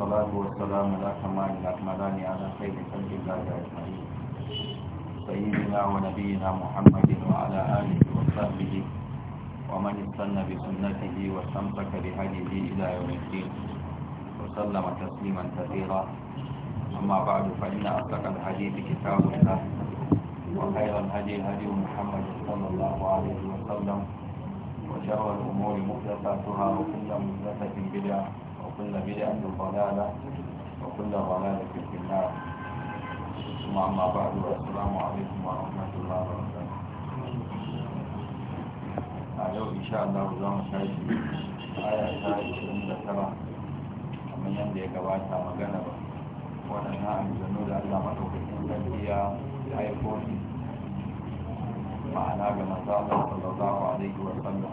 والصلاة والسلام على كمال الأكملان على خير خلق الله أجمعين سيدنا ونبينا محمد وعلى آله وصحبه ومن استنى بسنته واستمسك بهديه إلى يوم الدين وسلم تسليما كثيرا أما بعد فإن أصدق الحديث كتاب الله وخير الهدي هدي محمد صلى الله عليه وسلم وشر الأمور مفلساتها وكل مفلسة بدعة كل بدعة ضلالة وكل ضلالة في النار ثم أما بعد السلام عليكم ورحمة الله وبركاته Ayo insha Allah za mu sai shi aya ta yi da tara kamar yadda ya gabata magana ba waɗannan aljanu da Allah maɗaukakin gajiya ya yi kofi a ga matsala ta zaza wa alaikiyar sallah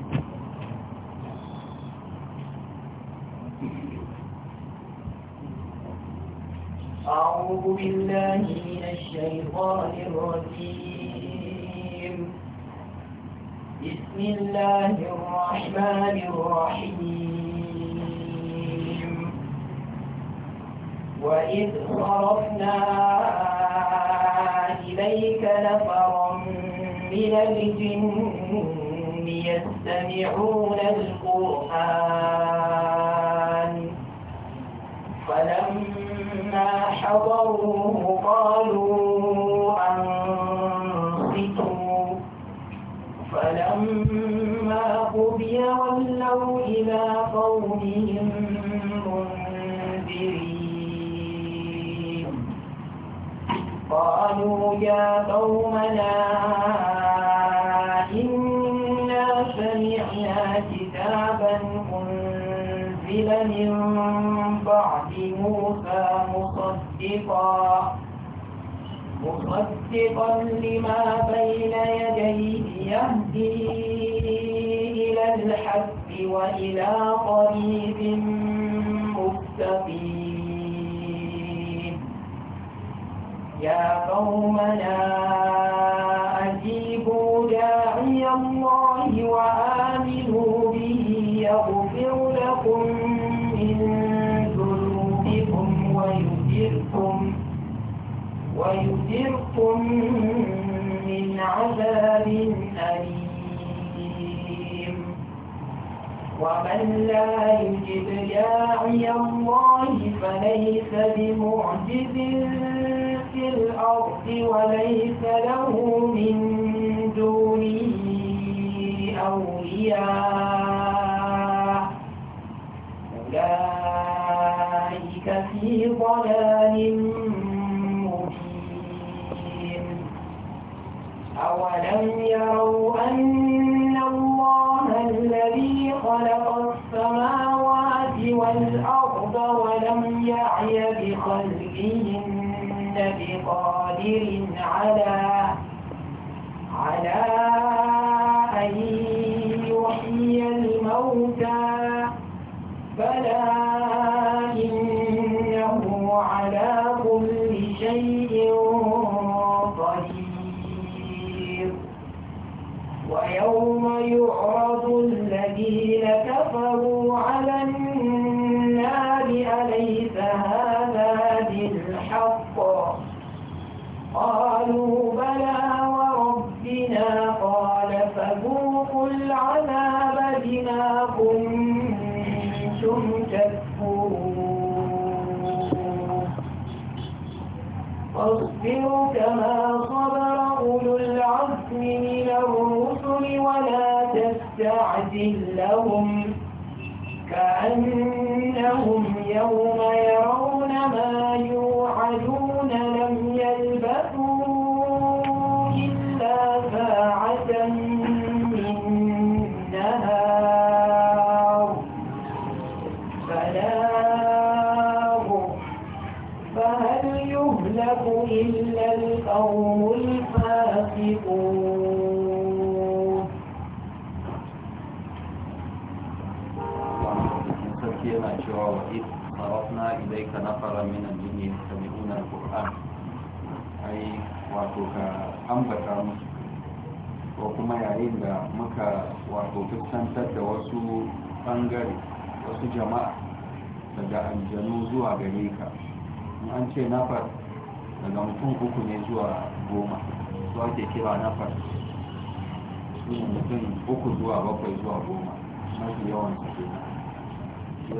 أعوذ بالله من الشيطان الرجيم بسم الله الرحمن الرحيم وإذ صرفنا إليك نفرا من الجن يستمعون القرآن فلما حضروه قالوا أنصتوا فلما قضي ولوا إلى قومهم منذرين قالوا يا قومنا إنا سمعنا كتابا أنزل من بعد موسى مصدقا مصدقا لما بين يديه يهدي إلى الحق وإلى طريق مستقيم يا قومنا أجيبوا داعي الله وآمنوا به يغفر لكم ويذركم من عذاب أليم ومن لا يجب داعي الله فليس بمعجز في الأرض وليس له من دونه أولياء أولئك في ضلال أولم يروا أن الله الذي خلق السماوات والأرض ولم يعي بخلقهن بقادر على على أن يحيي الموتى بلى إنه على يوم يعرض الذين كفروا على النار لهم كأنهم يوم يرون wato ka ambata musu ko kuma yayin da muka wato fuskantar da wasu bangare wasu jama'a daga aljanu zuwa gare ka an ce nafar daga mutum uku ne zuwa goma su ake kira nafar su ne mutum uku zuwa bakwai zuwa goma mafi yawan su kenan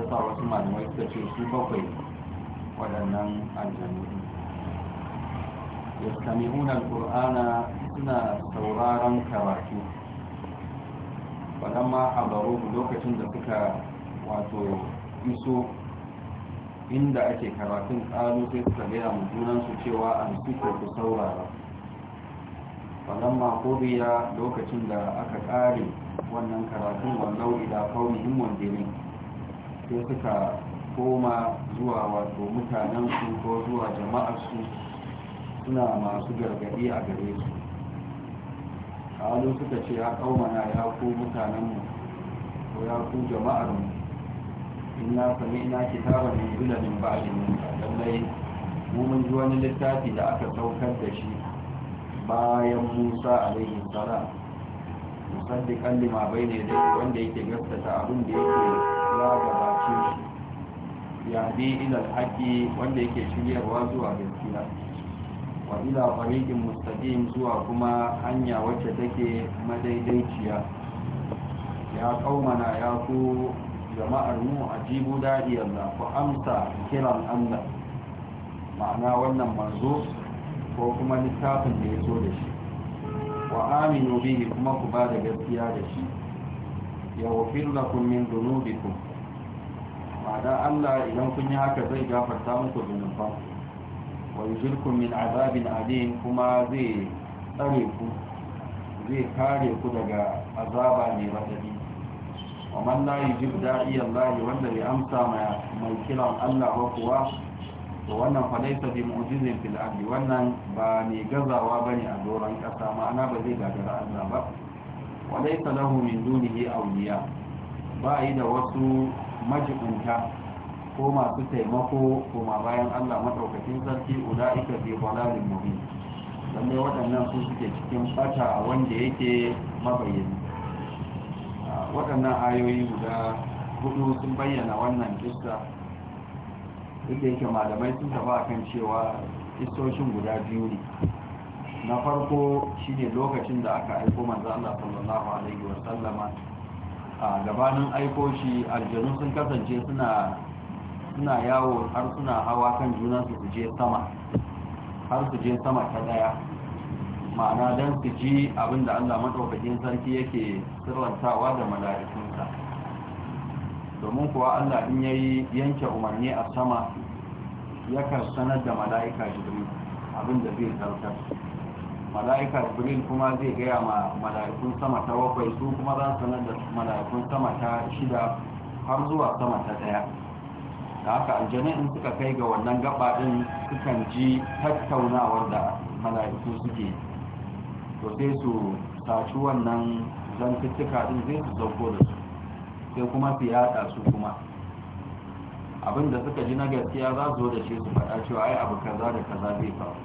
ya sa wasu malamai suka ce su bakwai waɗannan aljanu يستمعون القرآن سنة سورارا كراتو فلما حضروه لوكة دفك واتو يسو inda ake karatun ƙalu sai suka gaya mu junansu cewa an suke ku saurara falamma koriya lokacin da aka ƙare wannan karatun wallau ila kaunihin wandirin sai suka koma zuwa wato mutanensu ko zuwa jama'arsu suna masu gargadi a gare su kalu suka ce ya kaumana ya ku mutanenmu ko ya ku jama'armu ina sami'na kitaban yanzula min ba'di musa lallai mu mun ji wani littafi da aka saukar da shi bayan musa alaihi salam musaddikan lima ne dai wanda yake gaskata abin da yake ya gabace shi bi ilal haƙi wanda yake shiryarwa zuwa gaskiya wa ila tariqin mustaqim zuwa kuma hanya wacce take madaidaiciya ya kaumana ya ku jama'ar mu ajibu dadi Allah ku amsa kiran Allah ma'ana wannan manzo ko kuma littafin da yazo zo da shi wa aminu bihi kuma ku ba da gaskiya da shi ya wafir lakum min dunubikum ma'ana Allah idan kun yi haka zai gafarta muku zunubanku wajirku min azabin adin kuma zai tsare ku zai kare ku daga azaba ne matabi wa mallayi jib da'i Allah wanda bai amsa mai kiran Allah ba kuwa to wannan falaita bi mu'jizin fil ardi wannan ba ne gazawa bane a doron ƙasa. ma'ana ba zai gagara Allah ba wa laysa lahu min dunihi awliya ba yi da wasu majibunta ko masu taimako kuma bayan Allah maɗaukacin sarki ulaika fi dalalin mubin lalle waɗannan su suke cikin a wanda yake mabayyani waɗannan ayoyi guda hudu sun bayyana wannan kissa duk yake malamai sun taba kan cewa istoshin guda biyu ne na farko shine lokacin da aka aiko manzo Allah sallallahu alaihi wa sallama a gabanin aiko shi aljanu sun kasance suna suna yawo har suna hawa kan juna su je sama har su je sama ta daya ma'ana don su ji abin da allah maɗaukakin sarki yake sirrantawa da mala'ikunsa domin kuwa allah in yayi yanke umarni a sama yakan sanar da mala'ika jibril da zai zartar mala'ika jibril kuma zai gaya ma mala'ikun sama ta bakwai su kuma za sanar da mala'ikun sama ta shida har zuwa sama ta daya da haka aljanai in suka kai ga wannan gaba din sukan ji tattaunawar da mala'iku suke to sai su saci wannan zantuttuka din zai su zauko da su sai kuma su yada su kuma abinda suka ji na gaskiya za su zo da shi su faɗa cewa ai abu kaza da kaza zai faru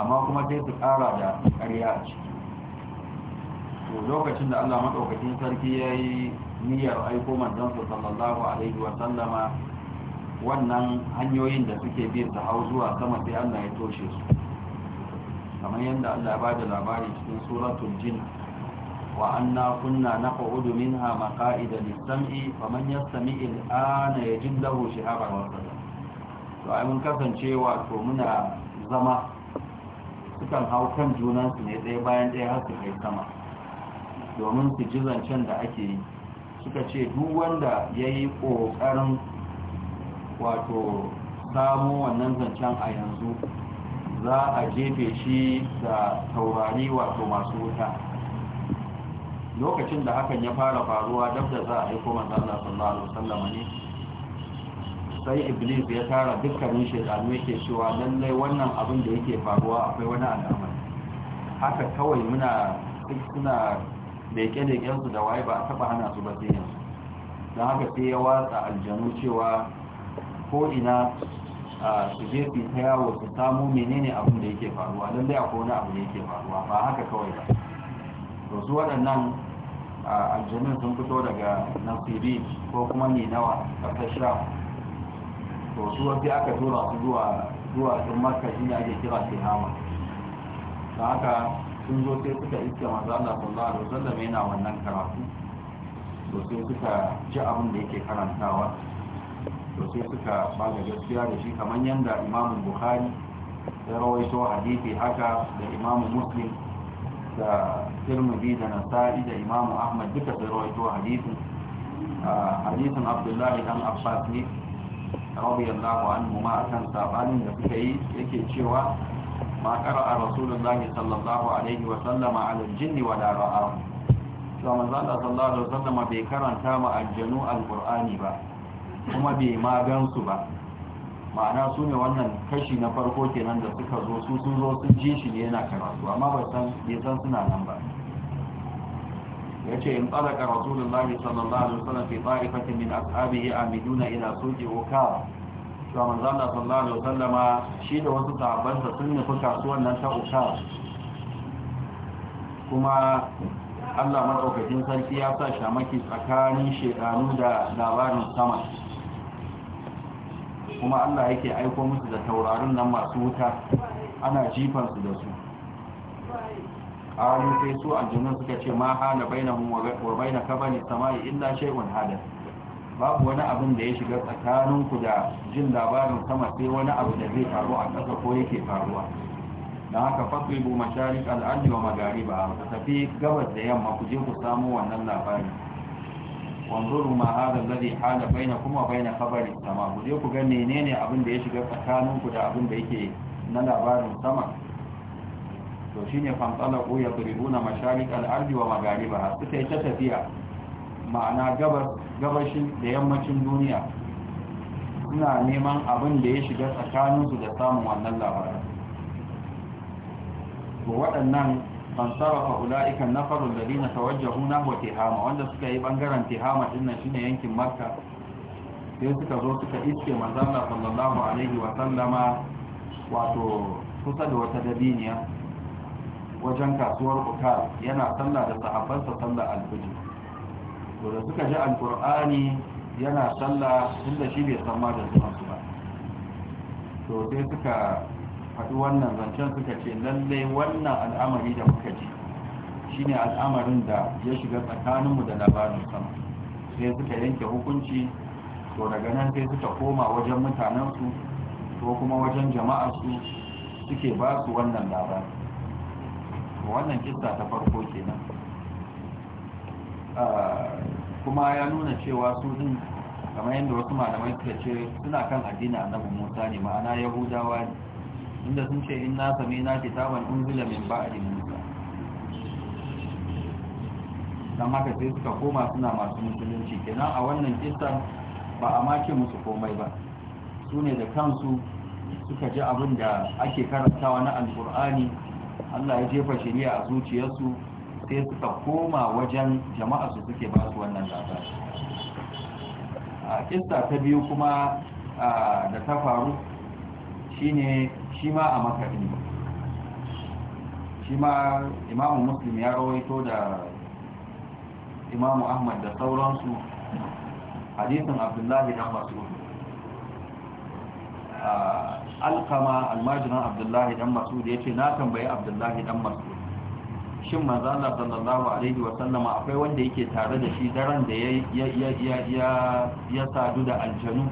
amma kuma sai su ƙara da ƙarya a ciki to lokacin da Allah madaukakin sarki ya yi niyyar aiko manzon sallallahu alaihi wa sallama wannan hanyoyin da suke bi su hau zuwa sama sai Allah ya toshe su kamar yadda Allah ba da labari cikin suratul jin wa anna kunna naq'udu minha maqa'ida lis-sam'i faman yastami' al-ana yajid lahu shihaban wa to ai mun kasance to muna zama sukan hau kan junan su ne ɗaya bayan ɗaya har su kai sama domin su ji zancen da ake yi suka ce duk wanda yayi kokarin wato samu wannan zancen a yanzu za a jefe shi da taurari wato masu wuta lokacin da hakan ya fara faruwa dab da za a yi manzan Allah sallallahu alaihi sallama ne sai iblis ya tara dukkanin shedanu yake cewa lallai wannan abin da yake faruwa akwai wani al'amari haka kawai muna suna leke-lekensu da waye ba a taɓa hana su ba sai yanzu don haka sai ya watsa aljanu cewa ko'ina su je su ta yawo su samu menene abin da yake faruwa don lallai akwai wani abu da yake faruwa ba haka kawai ba to su waɗannan aljamin sun fito daga nasiri ko kuma ninawa ƙasar sham to su wasu aka tura su zuwa sun maka shi ne ake kira hama. da haka sun zo sai suka iske maza Allah sallallahu alaihi zama yana wannan karatu to sai suka ci abin da yake karantawa to sai suka ba da gaskiya da shi kamar yadda imamun bukhari ya rawaito hadithi haka da imamun muslim da tirmidhi da nasa'i da imamun ahmad duka sai rawaito hadithin Hadithin abdullahi dan abbas ne radiyallahu anhu ma akan sabanin da suka yi yake cewa ma qara'a rasulullahi sallallahu alaihi wa sallama ala al wa la ra'a to manzo Allah sallallahu alaihi wa sallama bai karanta ma aljanu al-qur'ani ba kuma bai ma gansu ba ma'ana su ne wannan kashi na farko kenan da suka zo su sun zo sun ji shi ne yana karatu amma ba san ya san suna nan ba ya ce in da rasulullah sallallahu alaihi wasallam fi ta'ifatin min ashabihi amiduna ila suqi ukawa to manzo Allah sallallahu alaihi wasallama shi da wasu sahabban da sun nufi kasuwan nan ta wukawa. kuma Allah madaukakin sarki ya sa shamaki tsakanin shekaru da labarin sama kuma Allah yake aiko musu da taurarin nan masu wuta ana jifan su da su qalu sai su aljannun suka ce ma hana bai wa baina kabani samai illa shay'un hada babu wani abin da ya shiga tsakaninku da jin labarin sama sai wani abu da zai faru a ƙasa ko yake faruwa na haka bu masharik al'adu wa magariba ku tafi gabas da yamma ku je ku samu wannan labarin. wanzuru ma hada alladhi hala bainakum wa bain khabari sama ku je ku ga menene abin da ya shiga tsakaninku da abin da yake na labarin sama to shine ya yadribuna masharik al-ardi wa magharibaha suka yi ta tafiya ma'ana gabashin da yammacin duniya suna neman abin da ya shiga tsakaninsu da samun wannan labarin waɗannan fansarafa ula'ikan nafarun da dina tawajjahu na wa wanda suka yi bangaren tihama dinnan shine yankin makka sai suka zo suka iske manzana sallallahu alaihi wa sallama wato kusa da wata dabiniya wajen kasuwar ukar yana sallah da sahabbansa sallah alfuji da suka ji alkur'ani yana sallah tunda shi bai san ma da zuwan su ba to sai suka faɗi wannan zancen suka ce lalle wannan al'amari da muka ji shine al'amarin da ya shiga tsakaninmu da labarin sama sai suka yanke hukunci to daga nan sai suka koma wajen mutanensu ko kuma wajen jama'arsu suke ba su wannan labarin wannan kista ta farko kenan ah, kuma ya nuna cewa su din kamar yadda wasu malamai suka ce suna kan addini na Musa ne ma'ana Yahudawa ne inda sun ce inna samina kitaban unzila min ba'di musa dan haka sai suka koma suna masu musulunci kenan a wannan kisan ba a mace musu komai ba su ne da kansu suka ji abin da ake karantawa na alkur'ani Allah ya jefa shari'a a zuciyarsu sai suka koma wajen jama'a su suke ba su wannan labari a kista ta biyu kuma da ta faru shine shi ma a makarin shi ma imamu muslim ya rawaito da imamu ahmad da sauransu hadisin abdullahi dan mas'ud alkama almajiran abdullahi dan mas'ud ya ce na tambayi abdullahi dan mas'ud shin manzana sallallahu alaihi wasallama akwai wanda yake tare da shi daren da ya sadu da aljanu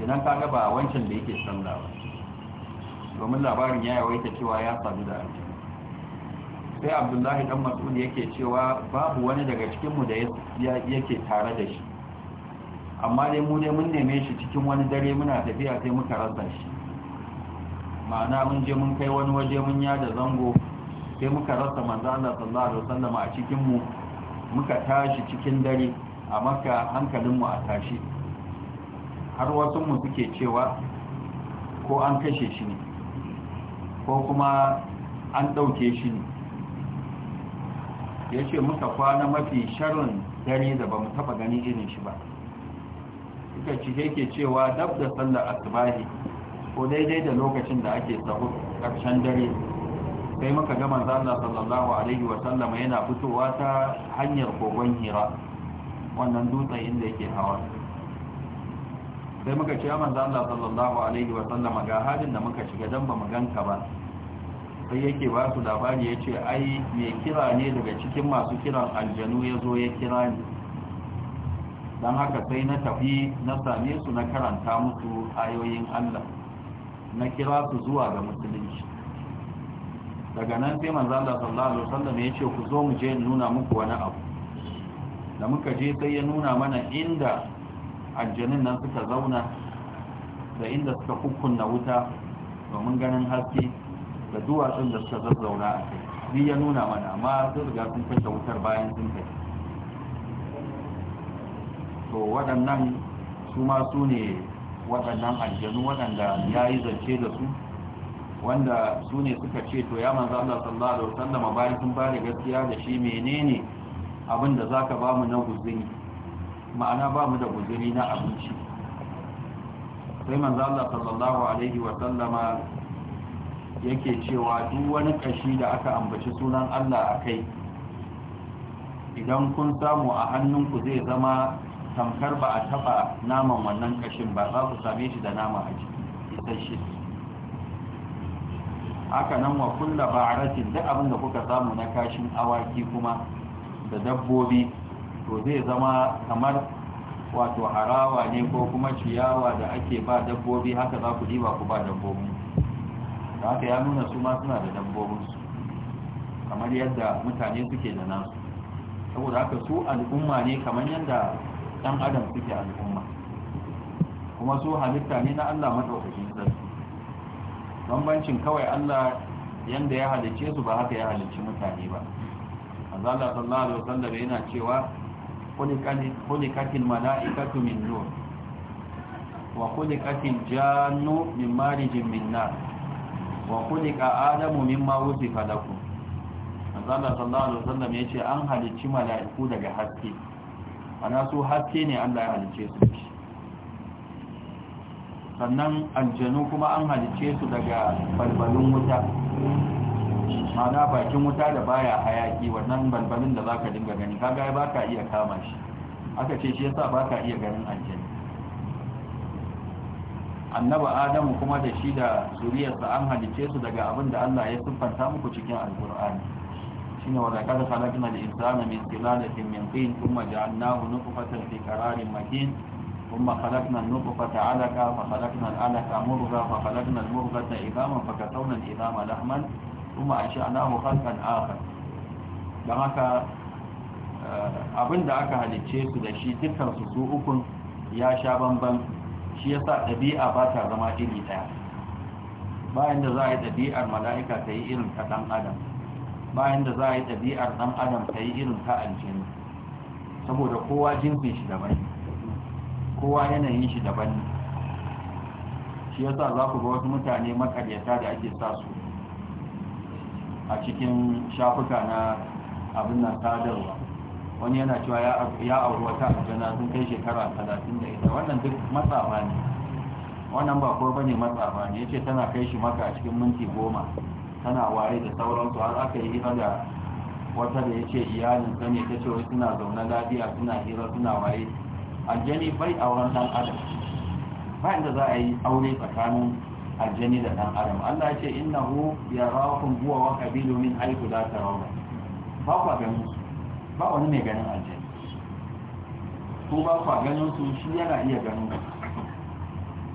idan kaga ba wancan da yake sallawa ba domin labarin ya yawaita cewa ya sadu da aljihu sai abdullahi dan mas'ud yake cewa babu wani daga cikinmu da yake tare da shi amma dai mu ne mun neme shi cikin wani dare muna tafiya sai muka rasa shi ma'ana mun je mun kai wani waje mun yada zango sai muka rasa manzo Allah sallallahu alaihi wasallam a cikin muka tashi cikin dare a maka hankalin a tashi har wasu mu suke cewa ko an kashe shi ne ko kuma an ɗauke shi ne ya ce muka kwana mafi sharon dare da ba mu taɓa gani irin shi ba suka cike ke cewa dab da sallar asibari ko daidai da lokacin da ake sahu ƙarshen dare sai muka ga manzana sallallahu alaihi wasallama yana fitowa ta hanyar kogon hira wannan dutsen inda yake hawa sai muka ce manzo Allah sallallahu alaihi wa sallama ga halin da muka shiga dan ba mu ganka ba sai yake ba su labari yace ai me kira ne daga cikin masu kiran aljanu yazo ya kira ni dan haka sai na tafi na same su na karanta musu ayoyin Allah na kira su zuwa ga musulunci daga nan sai manzo Allah sallallahu alaihi wasallam ya ce ku zo mu je nuna muku wani abu da muka je sai ya nuna mana inda aljanin nan suka zauna da inda suka kukkunna wuta domin ganin haske da duwatsun da suka zazzauna a kai ni ya nuna mana amma sun riga sun kashe wutar bayan sun kai to waɗannan su ma su ne waɗannan aljanu waɗanda ya yi zance da su wanda su ne suka ce to ya manzo Allah sallallahu alaihi wasallam bayan sun ba da gaskiya da shi menene abin da zaka ba mu na guzuri ma'ana ba mu da guzuri na abinci sai manzo Allah sallallahu alaihi wa sallama yake cewa duk wani kashi da aka ambaci sunan Allah akai idan kun samu a hannunku zai zama tamkar ba a taba naman wannan kashin ba za ku same shi da nama a jiki isasshe haka nan wa kulla ba'aratin duk abin da kuka samu na kashin awaki kuma da dabbobi to zai zama kamar wato harawa ne ko kuma ciyawa da ake ba dabbobi haka za ku diba ku ba dabbobi da haka ya nuna su ma suna da dabbobinsu kamar yadda mutane suke da nasu saboda haka su al'umma ne kamar yadda ɗan adam suke al'umma kuma su halitta ne na allah maɗaukakin sarki bambancin kawai allah yadda ya halicce su ba haka ya halicci mutane ba azalla sallallahu alaihi wasallam yana cewa katin mana خلقت الملائكة من نور وخلقت الجان من مارج من نار وخلق آدم مما وصف لكم Allah sallallahu alaihi ya ce an halicci mala'iku daga haske ana su haske ne Allah ya halicce su sannan aljanu kuma an halicce su daga balbalun wuta ma'ana bakin wuta da baya hayaki wannan balbalin da zaka dinga gani kaga ba ka iya kama shi aka ce shi yasa ba ka iya ganin aljanna annaba adamu kuma da shi da zuriyarsa an halice su daga abin da Allah ya siffanta muku cikin alkur'ani shine wa laqad khalaqna al-insana min sulalatin min tin thumma ja'alnahu nutfatan fi qararin makin thumma khalaqna an-nutfata 'alaqa fa khalaqna al-'alaqa mudghah fa khalaqna al-mudghata 'idhaman fa kasawna al-'idhama lahman kuma a sha'anahu halkan akhar don haka eh, abinda aka halicce su da shi dukkan su su ukun ya sha banban shi yasa ɗabi'a ba ta zama iri ɗaya bayan da za a yi ɗabi'ar mala'ika ta yi irin ta dan adam bayan da za a yi ɗabi'ar ɗan adam ta yi irin ta aljini saboda kowa jinsin shi daban kowa yanayin shi daban ne shi yasa za ku ga wasu mutane makaryata da ake sa su a cikin shafuka na abin nan sadarwa wani yana cewa ya auri wata aljana sun kai shekara 31 da ita wannan duk matsafa ne wannan ba ko bane matsafa ne yace tana kai shi maka a cikin minti goma tana waye da sauransu har aka yi hira da wata da yace iyalin sani ne ta ce suna zaune lafiya suna hira suna waye aljani bai auren dan adam ba inda za a yi aure tsakanin aljani da dan adam Allah ya ce innahu yarakum huwa wa qabilu min haythu la tarawun ba kwa ganin ba wani mai ganin aljani ko ba kwa ganin su shi yana iya ganin ku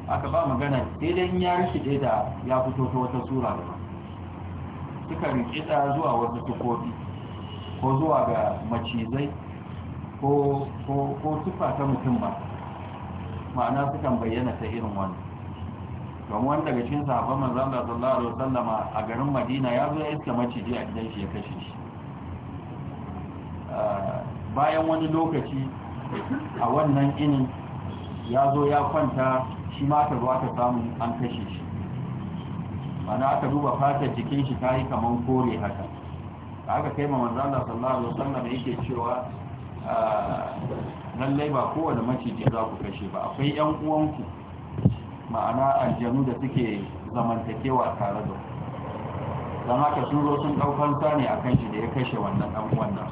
aka ba magana idan ya rike da ya fito ta wata sura da suka ta zuwa wasu tukofi ko zuwa ga macizai ko tufa ta mutum ba ma'ana sukan bayyana ta irin wani kamar wani daga cikin sahabban manzon Allah sallallahu alaihi wasallama a garin Madina ya zo ya iska maciji a gidan shi ya kashe shi ah, bayan wani lokaci a wannan inin ya zo ya kwanta shi ma ta zuwa ta samu an kashe shi mana aka duba fatar jikin shi ta yi kamar kore haka aka kai ma manzon Allah sallallahu alaihi wasallama yake cewa ah, lallai ba kowane maciji za ku kashe ba akwai yan uwanku ma'ana aljanu da suke zamantakewa tare da don haka sun zo sun ɗaukansa ne a kan shi da ya kashe wannan ɗan wannan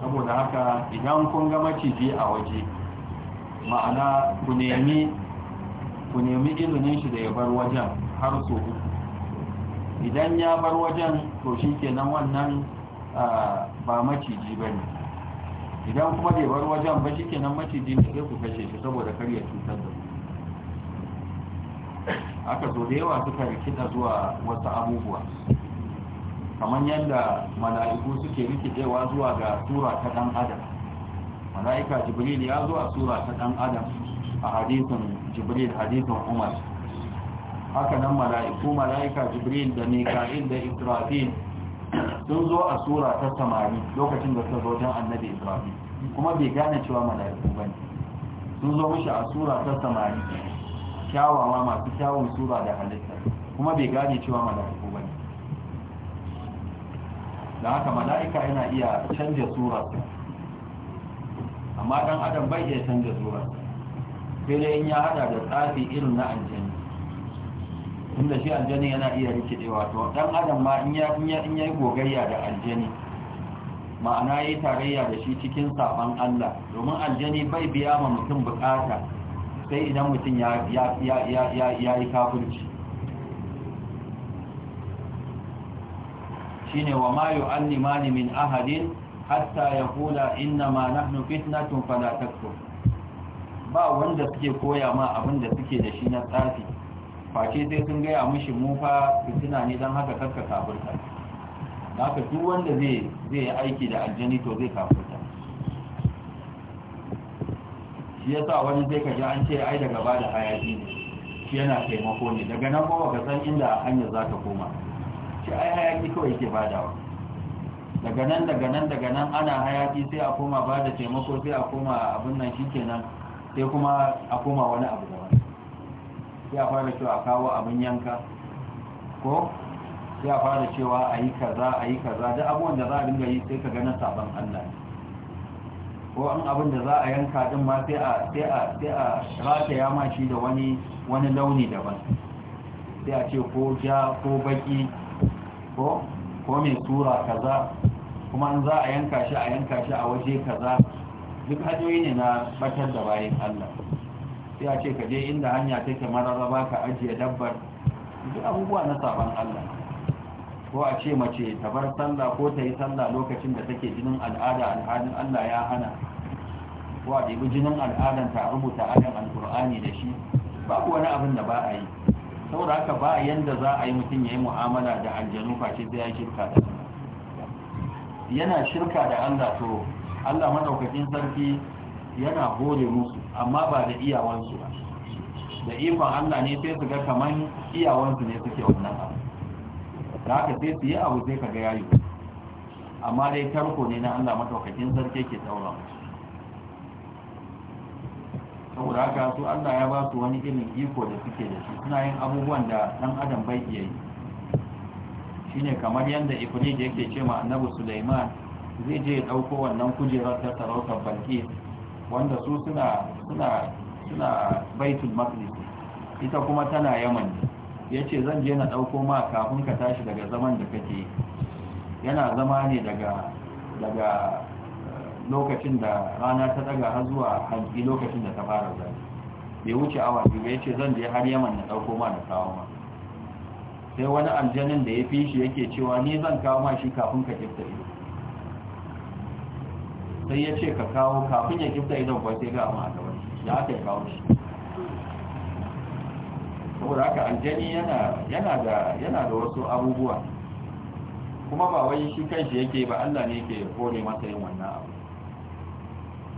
saboda haka idan kun ga maciji a waje ma'ana ku nemi ilimin shi da ya bar wajen har so uku idan ya bar wajen to shi kenan wannan ba maciji ba ne idan kuma da ya bar wajen ba shi kenan maciji ne sai ku kashe shi saboda kar ya cutar da aka zo da yawa suka rikida zuwa wasu abubuwa kamar yadda mala'iku suke rikidewa zuwa ga tura ta dan adam mala'ika jibril ya zo tura ta dan adam a hadisin jibril hadisin umar haka nan mala'iku mala'ika jibril da mika'il da israfil sun zo a tura ta samari lokacin da ta zo wajen annabi israfil kuma bai gane cewa mala'iku ba ne sun zo mishi a tura ta samari kyawawa masu kyawun sura da halitta kuma bai gane cewa mala'iku bane da haka mala'ika yana iya canja surarsa amma dan adam bai iya canja surarsa sai dai in ya hada da tsafi irin na aljani da shi aljani yana iya rikidewa to dan adam ma in ya in ya yi gogayya da aljani ma'ana yi tarayya da shi cikin saban Allah domin aljani bai biya ma mutum bukata sai idan mutum ya yi kafirci shi ne wa ma yu'allimani min ahadin hatta ya kula inna ma nahnu fitnatun fala ba wanda suke koya ma abin da suke da shi na tsafi face sai sun gaya mushi mufa fitina ne don haka karka kafirta da haka duk wanda zai yi aiki da aljani to zai kafirta shi sa wani zai kaji an ce ai daga ba da hayaki ne shi yana taimako ne daga nan kuma ka san inda hanyar za ta koma shi ai hayaki kawai ke badawa daga nan daga nan daga nan ana hayaki sai a koma ba da taimako sai a koma abin nan shi kenan sai kuma a koma wani abu wani sai a fara cewa a kawo abin yanka ko sai a fara cewa a yi kaza a yi kaza duk abubuwan da za a dinga yi sai ka ganin sabon Allah ne ko an abin da za a yanka din ma sai a sai a sai a ya shi da wani wani launi daban sai a ce ko ja ko baki ko ko mai tura kaza kuma an za a yanka shi a yanka shi a waje kaza duk hanyoyi ne na batar da bayan Allah sai a ce ka je inda hanya take mararraba ka ajiye dabbar duk abubuwa na saban Allah ko a ce mace ta bar sallah ko ta yi sallah lokacin da take jinin al'ada al'adun Allah ya hana ko a ɗibi jinin al'adanta a rubuta ayan alkur'ani da shi ba ku wani abin da ba a yi saboda haka ba yanda za a yi mutum ya yi mu'amala da aljanu face sai ya shirka da yana shirka da Allah to Allah madaukakin sarki yana gode musu amma ba da iyawansu ba da ikon Allah ne sai su ga kaman iyawansu ne suke wannan da haka sai su yi abu sai ka ga yi. amma dai tarko ne na Allah matakakin sarki ke tsaura saboda haka su Allah ya ba su wani irin iko da suke da shi suna yin abubuwan da dan adam bai iya yi Shi ne kamar yadda da yake ce ma annabi Sulaiman zai je ya ɗauko wannan kujerar ta sarautar balki wanda su suna suna suna Baitul Maqdis ita kuma tana Yaman ne ya ce zan je na ɗauko ma kafin ka tashi daga zaman da kake yana zama ne daga eh, lokacin da rana ta daga har zuwa hanki lokacin da ta fara zafi bai wuce awa biyu ya ce zan je har yaman na ɗauko ma da kawo ma sai wani aljanin da ya fi shi yake cewa ni zan kawo ma shi kafin ka kifta ido sai ya ce ka kawo kafin ya kifta idon kwa sai ga amma a gaba shi ya aka kawo shi saboda haka aljani yana da wasu abubuwa kuma ba wai shi kanshi yake ba Allah ne yake kore masa yin wannan abu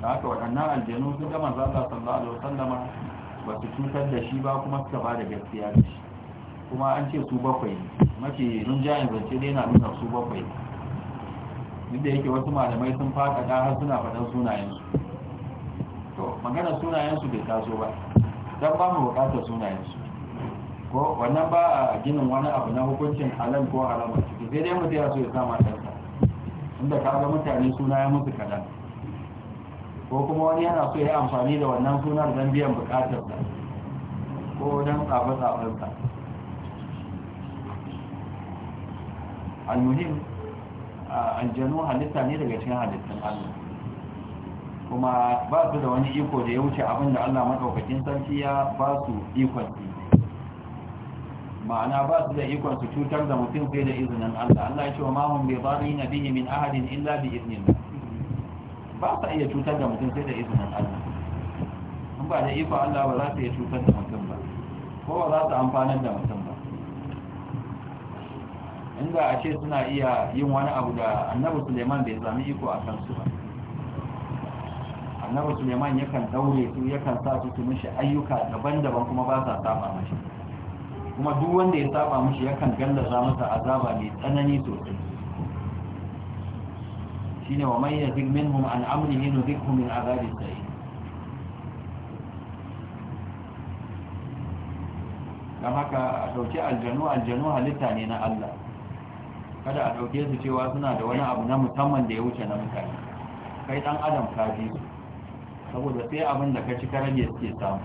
da haka waɗannan aljanu sun gama za ta sallallahu alaihi sallama, ba su cutar da shi ba kuma suka ba da gaskiya da shi kuma an ce su bakwai mafi rinjayen zance dai na nuna su bakwai duk da yake wasu malamai sun faɗaɗa har suna faɗan sunayensu to magana sunayensu bai taso ba don ba mu buƙatar sunayensu ko wannan ba a ginin wani abu na hukuncin halal ko halal ba ciki sai dai mutum ya so ya sa matarsa inda ka ga mutane suna ya musu kadan ko kuma wani yana so ya amfani da wannan sunar don biyan sa ko don tsafe sa almuhim aljanu halitta ne daga cikin halittun allah kuma ba su da wani iko da ya wuce abinda da allah maɗaukakin sarki ya ba su ikon ma'ana ba su da ikon su cutar da mutum sai da izinin Allah Allah ya ce wa mamun bai bari na bihi min ahadin illa bi iznin ba sa iya cutar da mutum sai da izinin Allah in ba da ikon Allah ba za su iya cutar da mutum ba ko ba za su amfanar da mutum ba inda a ce suna iya yin wani abu da annabi Suleiman bai sami iko a kansu ba annabi Suleiman yakan daure su yakan sa su su mishi ayyuka daban-daban kuma ba sa saba mashi kuma duk wanda ya saba mushi yakan gallaza masa azaba mai tsanani sosai shine wa man yazig minhum an amrihi nudhiqhu min azabi sa'i dan haka a dauki aljanu aljanu halitta ne na Allah kada a dauke su cewa suna da wani abu na musamman da ya wuce na mutane kai dan adam ka ji saboda sai abin da ka ci karar rage suke samu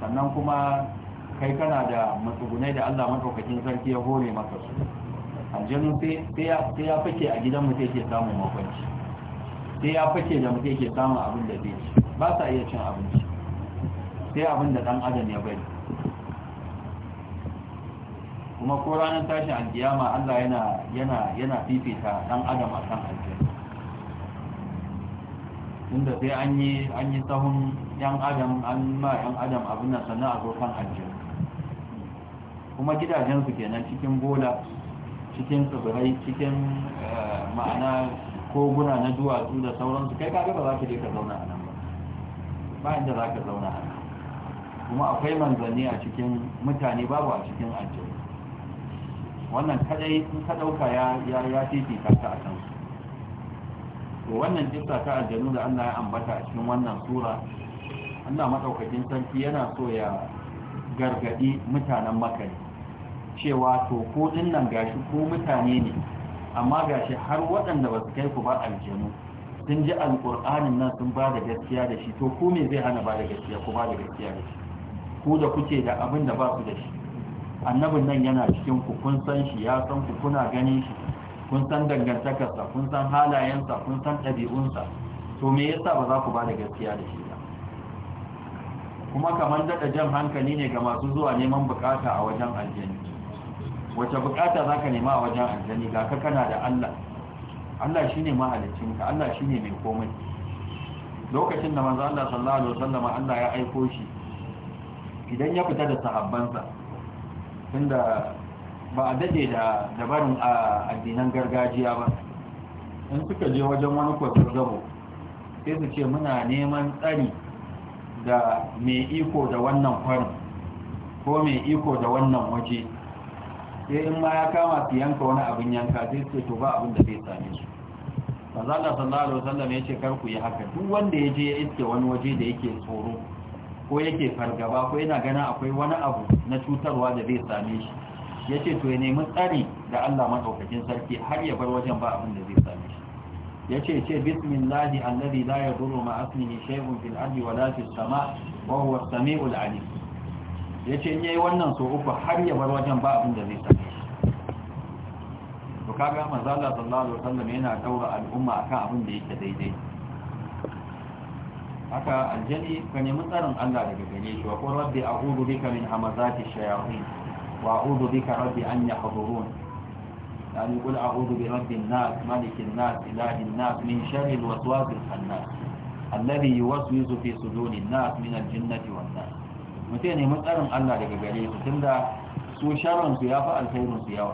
sannan kuma kai kana da matsugunai da Allah matsaukakin sarki ya hore maka su aljanu sai ya fake a gidan mutum ke samun makwanci sai ya fake da mutum ke samun abin da zai ci ba sa iya cin abinci sai abin da dan adam ya bari kuma ko ranar tashin aljiyama Allah yana fifita dan adam akan aljanu inda sai an yi an sahun yan adam an ma yan adam abin nan sannan a zo kan aljiyar kuma gidajensu kenan cikin bola cikin tsibirai cikin eh, ma'ana koguna na duwatsu da sauransu kai kaga ba za ka je ka zauna a nan ba ba inda za ka zauna a nan kuma akwai manzanni a cikin mutane babu a cikin aljihun wannan kadai in ka dauka ya ya fifita ta a kansu to wannan kissa ta aljanu da Allah ya ambata a cikin wannan sura Allah madaukakin sarki yana so ya gargadi mutanen makka cewa to ko nan gashi ko mutane ne amma gashi har waɗanda ba su kai ku ba aljanu sun ji alƙur'anin nan sun ba da gaskiya da shi to ku me zai hana ba da gaskiya ku ba da gaskiya da shi ku da kuke da abin da ba ku da shi annabin nan yana cikin ku kun san shi ya san ku kuna ganin shi kun san dangantakarsa kun san halayensa kun san ɗabi'unsa to me yasa ba za ku ba da gaskiya da shi ba kuma kamar daɗa jan hankali ne ga masu zuwa neman bukata a wajen aljanu wace bukata za ka nema a wajen aljani ga ka kana da Allah Allah shi ne mahalicinka Allah shi ne mai komai lokacin da Maza Allah sallallahu alaihi wasallam Allah ya aiko shi idan ya fita da sahabbansa tunda ba a dade da dabarun addinan gargajiya ba in suka je wajen wani kwatar gabo sai su ce muna neman tsari da mai iko da wannan kwarin ko mai iko da wannan waje sai in ma ya kama su yanka wani abin yanka sai to ba abin da zai same su manzo sallallahu alaihi wasallam ya ce kar ku yi haka duk wanda ya je ya iske wani waje da yake tsoro ko yake fargaba ko yana ganin akwai wani abu na cutarwa da zai same shi ya ce to ya nemi tsari da Allah madaukakin sarki har ya bar wajen ba abin da zai same shi ya ce ce bismillahi alladhi la yadurru ma shay'un fil ardi wala fis sama' wa huwa as-sami'ul 'alim ya ce in yayi wannan so uku har ya bar wajen ba abin da zai sami shi to kaga manzala sallallahu alaihi wasallam yana daura al'umma akan abin da yake daidai haka aljani ka nemi tsarin Allah daga gare shi wa qur rabbi a'udhu bika min hamazati shayatin wa a'udhu bika rabbi an yahdurun يعني قل Nas برب Nas, ملك الناس إله الناس من شر الوسواس الخناس الذي يوسوس في صدور الناس من الجنة والناس mutum ya nemi tsarin Allah daga gare su da su sharrin su ya fi alkhairin su yawa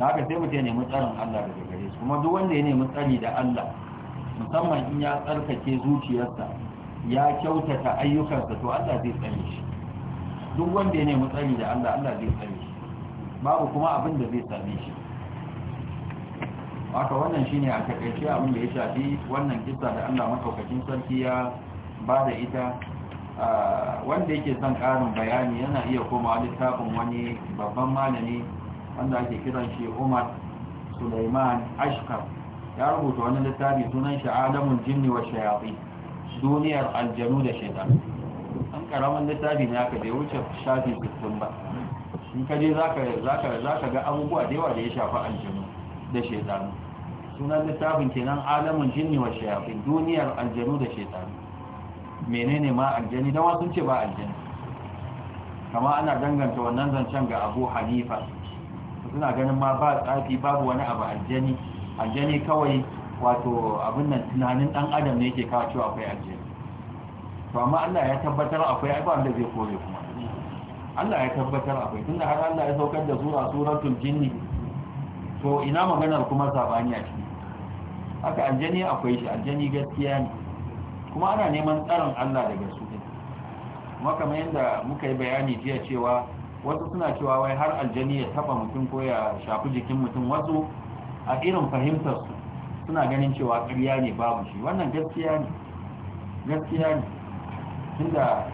da haka sai mutum ya nemi tsarin Allah daga gare su kuma duk wanda ya nemi tsari da Allah musamman in ya tsarkake zuciyarsa ya kyautata ayyukansa to Allah zai tsare shi duk wanda ya nemi tsari da Allah Allah zai tsare shi babu kuma abin da zai same shi haka wannan shine a takaice abin da ya shafi wannan kisa da Allah madaukakin sarki ya ba da ita wanda yake son karin bayani yana iya koma littafin wani babban malami wanda ake kiran shi umar suleiman ashkar ya rubuta wani littafi sunan shi adamun jinni wa shayafi duniyar aljanu da shaitan an karamin littafi ne aka bai wuce shafi sittin ba in kaje za ka ga abubuwa da yawa da ya shafi aljanu da shaitan sunan littafin kenan adamun jinni wa shayafi duniyar aljanu da shaitan menene ma aljani don wasu ce ba aljani kama ana danganta wannan zancen ga abu hanifa suna ganin ma ba tsafi babu wani abu aljani aljani kawai wato abin nan tunanin dan adam ne yake kawo cewa akwai aljani to amma Allah ya tabbatar akwai ai ba wanda zai kore kuma Allah ya tabbatar akwai tunda har Allah ya saukar da sura suratul jinni to ina maganar kuma sabaniya a haka aljani akwai shi aljani gaskiya ne kuma ana neman tsarin Allah daga su ne kuma kamar yadda muka yi bayani jiya cewa wasu suna cewa wai har aljani ya taba mutum ko ya shafi jikin mutum wasu a irin fahimtar su suna ganin cewa ƙarya ne babu shi wannan gaskiya ne gaskiya ne tunda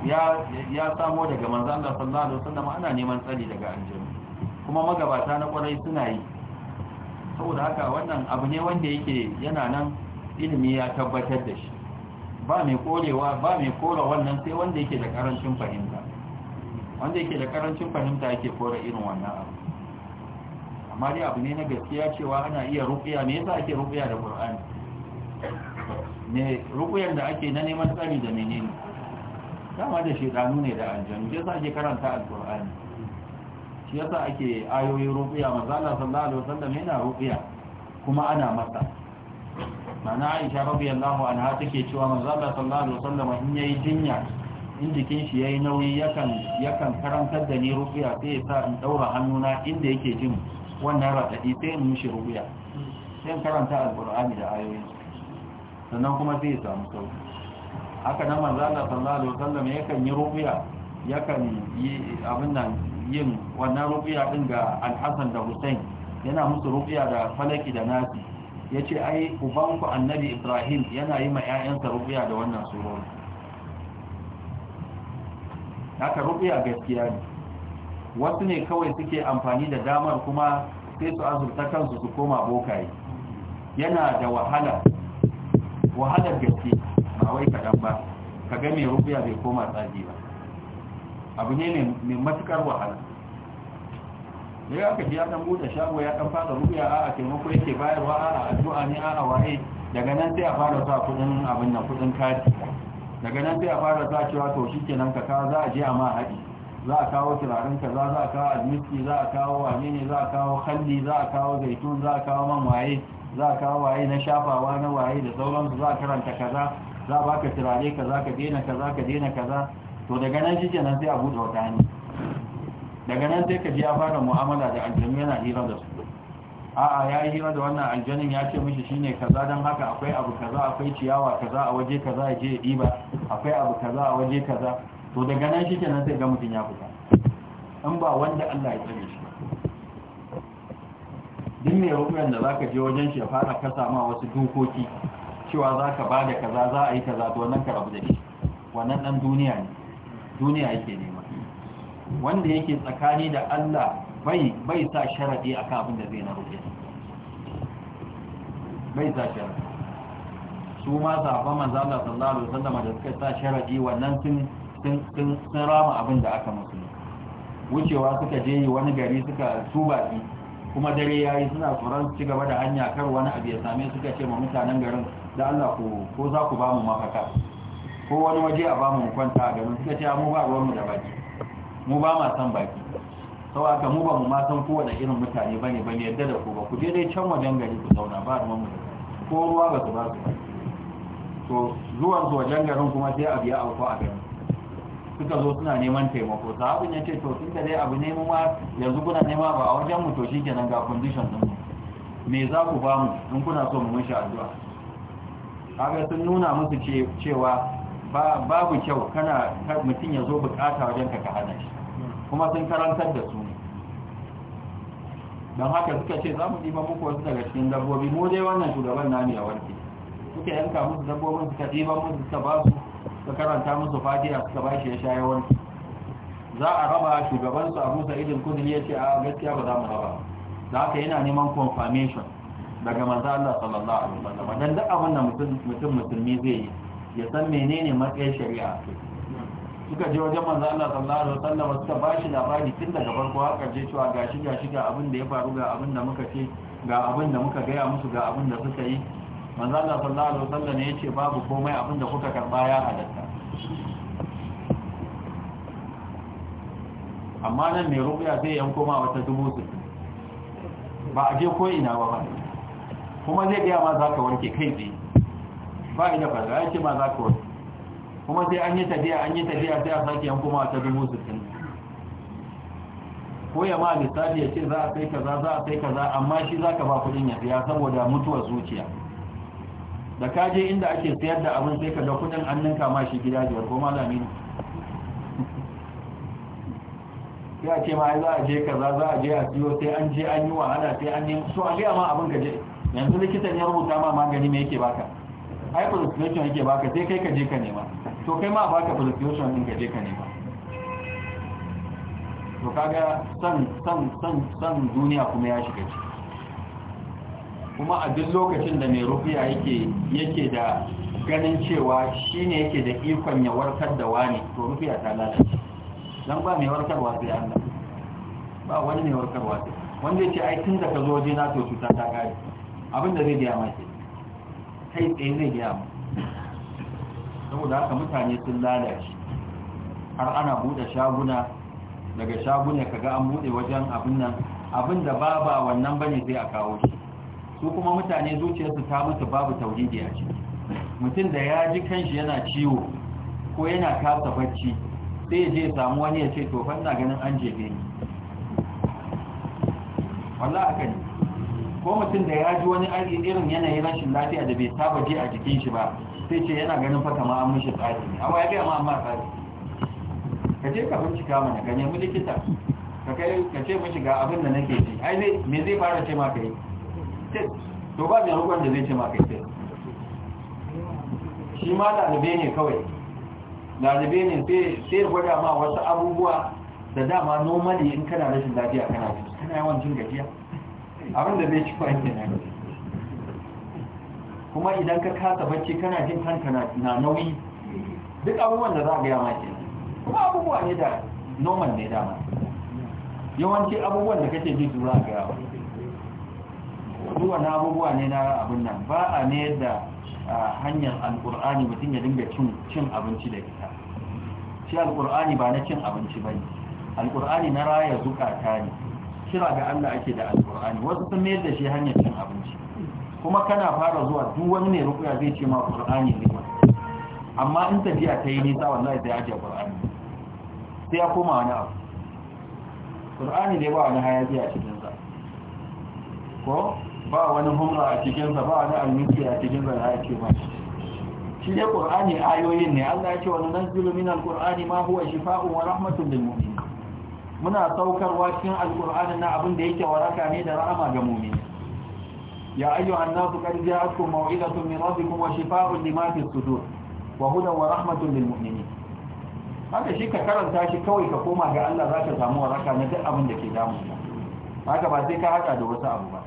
ya samo daga manzo Allah sallallahu alaihi wasallam ana neman tsari daga aljani kuma magabata na kwarai suna yi saboda haka wannan abu ne wanda yake yana nan ilimi ya tabbatar da shi ba mai korewa ba mai kora wannan sai wanda yake da karancin fahimta wanda yake da karancin fahimta yake kora irin wannan abu amma dai abu ne na gaskiya cewa ana iya rukuya me yasa ake rukuya da qur'ani ne rukiyar da ake na neman tsari da menene dama da shedanu ne da aljanu sai sa ake karanta alqur'ani shi yasa ake ayoyin rukuya manzo Allah sallallahu alaihi wasallam yana rukuya kuma ana masa mana aisha allahu anha take cewa manzo Allah sallallahu alaihi wasallam in yayi jinya in jikin shi yayi nauyi yakan yakan karantar da ni rubiya sai ya sa in daura hannuna inda yake jin wannan radadi sai in mishi rubiya sai in karanta alqur'ani da ayoyi sannan kuma sai ya samu sauki haka nan manzo Allah sallallahu alaihi wasallam yakan yi rubiya yakan yi abin nan yin wannan rubiya din ga Al-Hasan da Hussein yana musu rubiya da falaki da nasi ya ce ai ubanku annabi ibrahim yana yi ma 'ya'yansa rubiya da wannan surori haka rubiya gaskiya ne wasu ne kawai suke amfani da damar kuma sai su azurta kansu su koma bokaye yana da wahala wahalar gaske ba wai kaɗan ba ka ga mai rubiya bai koma tsaji ba abu ne mai matukar wahala ne aka kaji ya dan bude shago ya dan fada rubiya a a taimako yake bayarwa a a addu'a ne a a waye daga nan sai a fara sa kudin abin nan kudin kati daga nan sai a fara sa cewa to shikenan ka ka za a je a ma haɗi za a kawo turaren kaza za a kawo admiski za a kawo wane ne za a kawo khalli za a kawo zaitun za a kawo man waye za a kawo waye na shafawa na waye da sauransu za a karanta kaza za a baka turare kaza ka dena kaza ka dena kaza to daga nan shikenan sai a bude wata hanya daga nan sai ka ji ya fara mu'amala da aljanu yana hira da su a'a ya yi hira da wannan aljanin ya ce mishi shine kaza don haka akwai abu kaza akwai ciyawa kaza a waje kaza ya je ya akwai abu kaza a waje kaza to daga nan shi kenan sai ga mutum ya fita in ba wanda Allah ya tsare shi din mai rukunan da zaka je wajen shi ya fara kasa ma wasu dokoki cewa zaka bada kaza za a yi kaza to wannan ka rabu da shi wannan dan duniya ne duniya yake ne wanda yake tsakani da Allah bai bai sa sharadi akan abin da zai na rubuce bai sa sharadi su ma zaɓa manzo Allah sallallahu alaihi wasallam da suka sa sharadi wannan sun sun sun rama abin da aka musu wucewa suka je wani gari suka shi kuma dare yayi suna tsoron ci gaba da hanya kar wani abu ya same suka ce ma mutanen garin da Allah ko ko za ku ba mu mafaka ko wani waje a ba mu kwanta garin suka ce mu ba ruwan mu da baki mu ba ma san baki sau aka mu ba mu ma san kowane irin mutane ba ne ba ne yadda da ku ba ku je dai can wajen gari ku zauna ba ruwan mu ko ruwa ba su ba su ba to zuwan su wajen garin kuma sai abu ya auku a garin suka zo suna neman taimako abin ya ce to sun da dai abu ne mu ma yanzu kuna nema ba a wajen mu to shi kenan ga condition din me za ku ba mu in kuna so mu mishi addu'a kaga sun nuna musu cewa babu kyau kana mutum ya zo bukata wajen ka ka hana shi kuma sun karantar da su don haka suka ce za mu ɗiba muku wasu daga cikin dabbobi mu dai wannan shugaban na a warke suka yanka musu dabbobin suka ɗiba musu suka ba su suka karanta musu fatiya suka ba shi ya sha yawanci za a raba shugabansu abu sa'idin kudin ya ce a gaskiya ba za mu raba za ka yana neman confirmation daga manzo Allah sallallahu alaihi wasallam dan duk abin da mutum musulmi zai yi ya san menene matsayin shari'a suka je wajen manzo Allah sallallahu alaihi wasallam suka bashi labari tun daga farko har karshe cewa gashi gashi ga abin da ya faru ga abin da muka ce ga abin da muka gaya musu ga abin da suka yi manzo Allah sallallahu alaihi wasallam ya ce babu komai abin da kuka karba ya halatta amma nan mai rubuya zai yan koma wata dubu su ba a je ko ina ba ba kuma zai gaya ma za ka wanke kai tsaye ba ina ba ya ce ma za ka wanke kuma sai an yi tafiya an yi tafiya sai a sake yan kuma ta dubu sittin ko ya ma lissafi ya ce za a kai kaza za a kai kaza amma shi za ka ba kudin ya fiya saboda mutuwar zuciya da ka je inda ake sayar da abin sai ka ga kudin an ninka ma shi gida biyar ko malami sai a ce ma za a je kaza za a je a siyo sai an je an yi wahala sai an yi so a gaya ma abin ka je yanzu likitan ya rubuta ma magani me yake baka ai prescription yake baka sai kai ka je ka nema to kai ma baka qualification din ka ne ka nema to kaga san san san san duniya kuma ya shiga ciki kuma a duk lokacin da mai rufiya yake yake da ganin cewa shi ne yake da ikon ya warkar da wani to rufiya ta lalace don ba mai warkarwa sai Allah ba wani mai warkarwa sai wanda ya ce ai tun da ka zo waje na to cuta ta gari Abinda zai gaya mai kai tsaye zai gaya mai saboda haka mutane sun lalace har ana bude shaguna daga shaguna kaga an bude wajen abin nan abin da ba ba wannan bane sai a kawo shi su kuma mutane zuciyarsu ta mutu babu tauhidi a ciki mutum da ya ji kanshi yana ciwo ko yana kasa bacci sai ya je ya samu wani ya ce to fa ina ganin an jefe ni wallahi haka ne ko mutum da ya ji wani irin yanayin rashin lafiya da bai saba ji a jikin shi ba sai ce yana ganin fata ma an mishi tsari ne amma ya gaya ma amma tsari ka ce ka bincika mana ka nemi likita ka kai ka ce mishi ga abin da nake ji ai ne me zai fara ce ma kai test to ba mai rukun da zai ce ma kai test shi ma ɗalibai ne kawai ɗalibai ne sai ya gwada ma wasu abubuwa da dama normally in kana rashin lafiya kana kana yawan jin gajiya abin da zai ci kwanye na kuma idan ka kasa bacci kana jin kanka na nauyi duk abubuwan da za a gaya maki kuma abubuwa ne da normal ne dama yawanci abubuwan da kake jin zuwa gaya wa duwa na abubuwa ne na abin nan ba a ne yadda hanyar alkur'ani mutum ya dinga cin abinci da kita shi alkur'ani ba na cin abinci ba ne alkur'ani na raya zukata ne kira ga allah ake da alkur'ani wasu sun mayar da shi hanyar cin abinci kuma kana fara zuwa duk wani ne rukuya zai ce ma qur'ani ne amma in tafiya ta yi nisa wallahi sai ya ajiye qur'ani sai ya koma wani abu qur'ani dai ba wani hayaki a cikin sa ko ba wani humra a cikin sa ba wani almiti a cikin sa ya ce ma shi dai qur'ani ayoyin ne Allah ya ce wa nunzilu min alqur'ani ma huwa shifaa'un wa rahmatun lil mu'minin muna saukarwa cikin alqur'ani na abin da yake waraka ne da rahama ga mu'min Ya يا أيها الناس قد جاءتكم موعظة من ربكم وشفاء لما في wa rahmatun ورحمة للمؤمنين haka shi ka karanta shi kawai ka koma ga Allah za ka samu waraka na duk abin da ke damun ka haka ba sai ka hada da wasu abu ba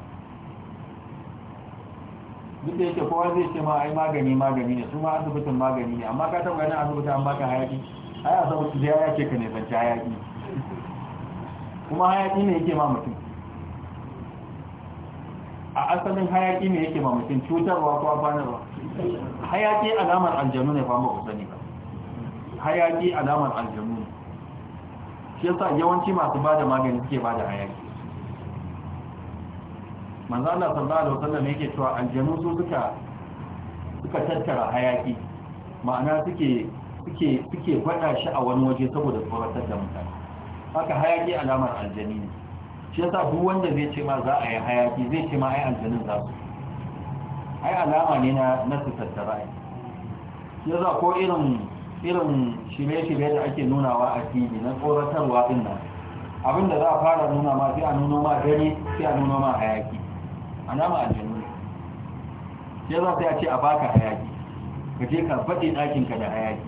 duk da yake kowa zai ce ma ai magani magani ne su ma asibitin magani ne amma ka taɓa ganin asibiti an baka hayaki ai asibiti zai ya ce ka ne zance hayaki kuma hayaki ne yake ma mutum a asalin hayaki ne yake ba mutum cutarwa ko ba. hayaki alamar aljanu ne ba mu ku sani ba hayaki alamar aljanu ne shi yasa yawanci masu bada magani suke bada hayaki manzo Allah sallallahu alaihi wasallam yake cewa aljanu su suka suka tattara hayaki ma'ana suke suke suke fada shi a wani waje saboda tsoratar da mutane haka hayaki alamar aljanu ne shi yasa duk wanda zai ce ma za a yi hayaki zai ce ma ai aljanin za su ai alama ne na na su tattara ai shi yasa ko irin irin shirye-shirye da ake nunawa a tv na tsoratarwa din nan abinda za a fara nuna ma sai a nuno ma gani sai a nuno ma hayaki alama aljanu shi yasa sai a ce a baka hayaki ka je ka faɗi ɗakinka da hayaki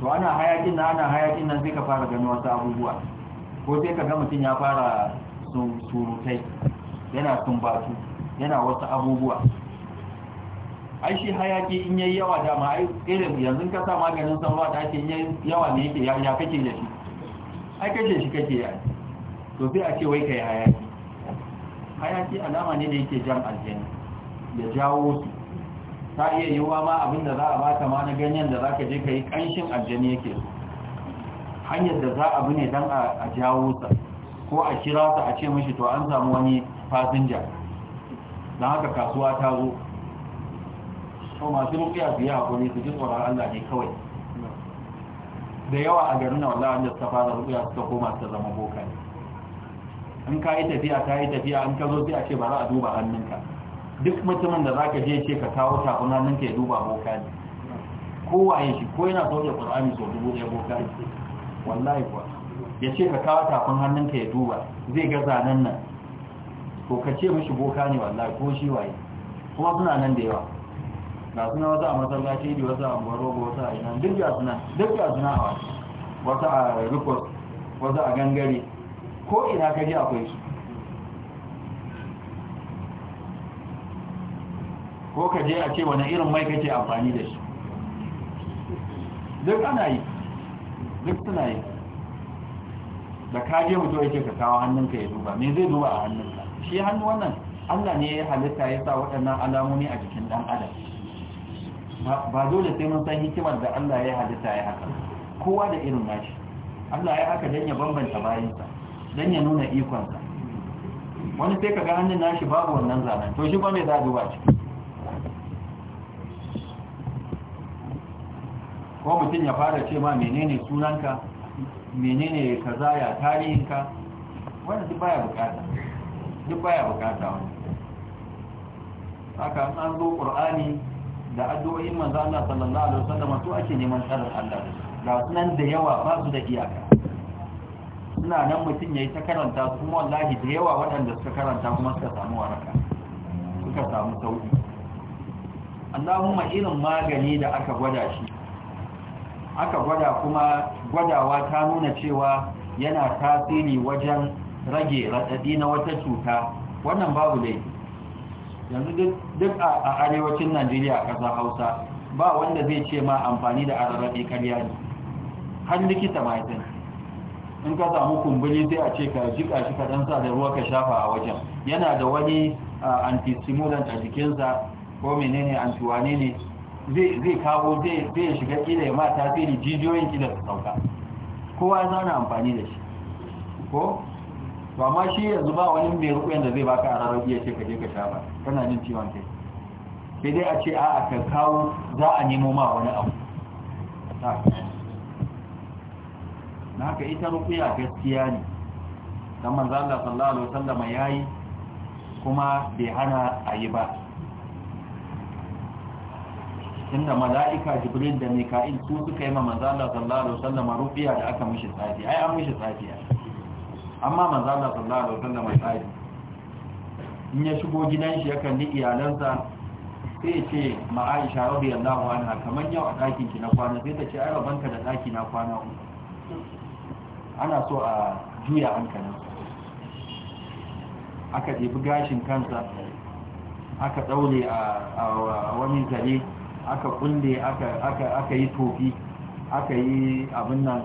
to ana hayakin nan, ana hayakin nan sai ka fara gani wasu abubuwa ko sai ka ga mutum ya fara surutai yana sumbatu yana wasu abubuwa ai shi hayaki in yayi yawa dama ai irin yanzu ka sa maganin sanwa da ake yayi yawa ne yake ya kake da shi ai kake shi kake ya to sai a ce wai kai hayaki hayaki alama ne da yake jan aljanna ya jawo su ta iya yiwuwa ma abinda za a baka ma na ganyen da zaka je kai kanshin aljanna yake so hanyar da za a bi ne don a jawo sa ko a kira sa a ce mashi to an samu wani fasinja don haka kasuwa ta zo to masu rufiya su yi haƙuri su ji tsoron allah ne kawai da yawa a garin wanda wanda ta fara rufiya suka koma ta zama boka in ka yi tafiya ta yi tafiya an ka zo sai a ce ba za a duba hannunka duk mutumin da za ka je ce ka kawo tafin ninka ya duba boka ne waye shi ko yana sauke ƙwar'ani sau dubu ɗaya boka ne wallahi kuwa ya ce ka kawo tafin hannunka ya duba zai ga zanen nan ko ka ce mashi boka ne wallahi ko shi waye kuma suna nan da yawa ga suna wasu a masallaci da wasu a ga wasu a inan duk ga suna duk ga suna a wasu a rikos wasu a gangare ko ina ka ji akwai su ko ka je a ce wani irin mai kake amfani da shi duk ana yi duk suna yi da ka je mutum yake ka kawo hannunka ya duba me zai duba a hannunka shi hannu wannan Allah ne ya halitta ya sa waɗannan alamomi a jikin ɗan adam ba dole sai mun san hikimar da Allah ya halitta ya haka kowa da irin nashi Allah ya haka don ya bambanta bayansa don ya nuna ikonsa wani sai ka ga hannun nashi babu wannan zanen to shi ba mai za a duba ciki ko mutum ya fara ce ma menene sunanka menene kaza ya tarihinka wanda duk baya bukata duk baya bukata wani haka an zo ƙur'ani da addu'o'in manzo Allah sallallahu alaihi wasallam to ake neman tsarin Allah ga sunan da yawa ba su da iyaka suna nan mutum yayi ta karanta kuma wallahi da yawa waɗanda suka karanta kuma suka samu waraka suka samu sauki Allahumma irin magani da aka gwada shi aka gwada kuma gwadawa ta nuna cewa yana tasiri wajen rage raɗaɗi na wata cuta wannan babu dai. yanzu duk a arewacin najeriya a hausa ba wanda zai ce ma amfani da ararraɗe karya ne har likita ma yi in ka samu kumburi sai a ce ka jika shi kaɗan sa da ruwa ka shafa a wajen yana da wani antistimulant a jikinsa ko menene antiwane ne zai kawo zai shiga kila ya mata fili jijiyoyin kila su sauka kowa ya zauna amfani da shi ko to amma shi yanzu ba wani mai rukun da zai baka a rarar iya ce ka je ka sha ba kana jin ciwon kai sai dai a ce a aka kawo za a nemo ma wani abu na haka ita rukuya gaskiya ne don zanga da sallallahu alaihi wasallama yayi kuma bai hana a yi ba tunda mala'ika jibril da mika'il su suka yi ma manzo Allah sallallahu alaihi wasallam rufiya da aka mishi tsafi ai an mishi tsafi amma manzo Allah sallallahu alaihi wasallam tsafi in ya shigo gidan shi yakan ni iyalansa sai ce ma Aisha radiyallahu anha kaman yau a dakin ki na kwana sai ta ce ai rabanka da daki na kwana ana so a juya hankali. aka ɗebi gashin kansa aka ɗaure a wani zare aka kunde aka yi tofi aka yi abin nan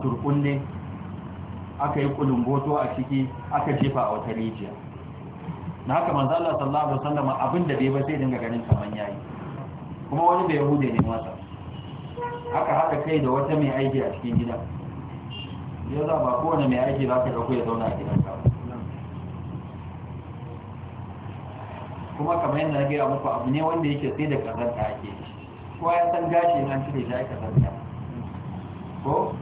turkunne aka yi kulumboto a ciki aka jefa a wata rijiya na haka manzala sallallahu alaihi wasallam abin da bai ba sai dinga ganin kaman yayi kuma wani bai yahude ne masa aka haɗa kai da wata mai aiki a cikin gida yau za ba kowane mai aiki za ka ɗauko ya zauna a gidanka kuma kamar yadda na gaya muku abu ne wanda yake sai da kazanta ake kowa ya san gashi nan cire shi aka kazanta ko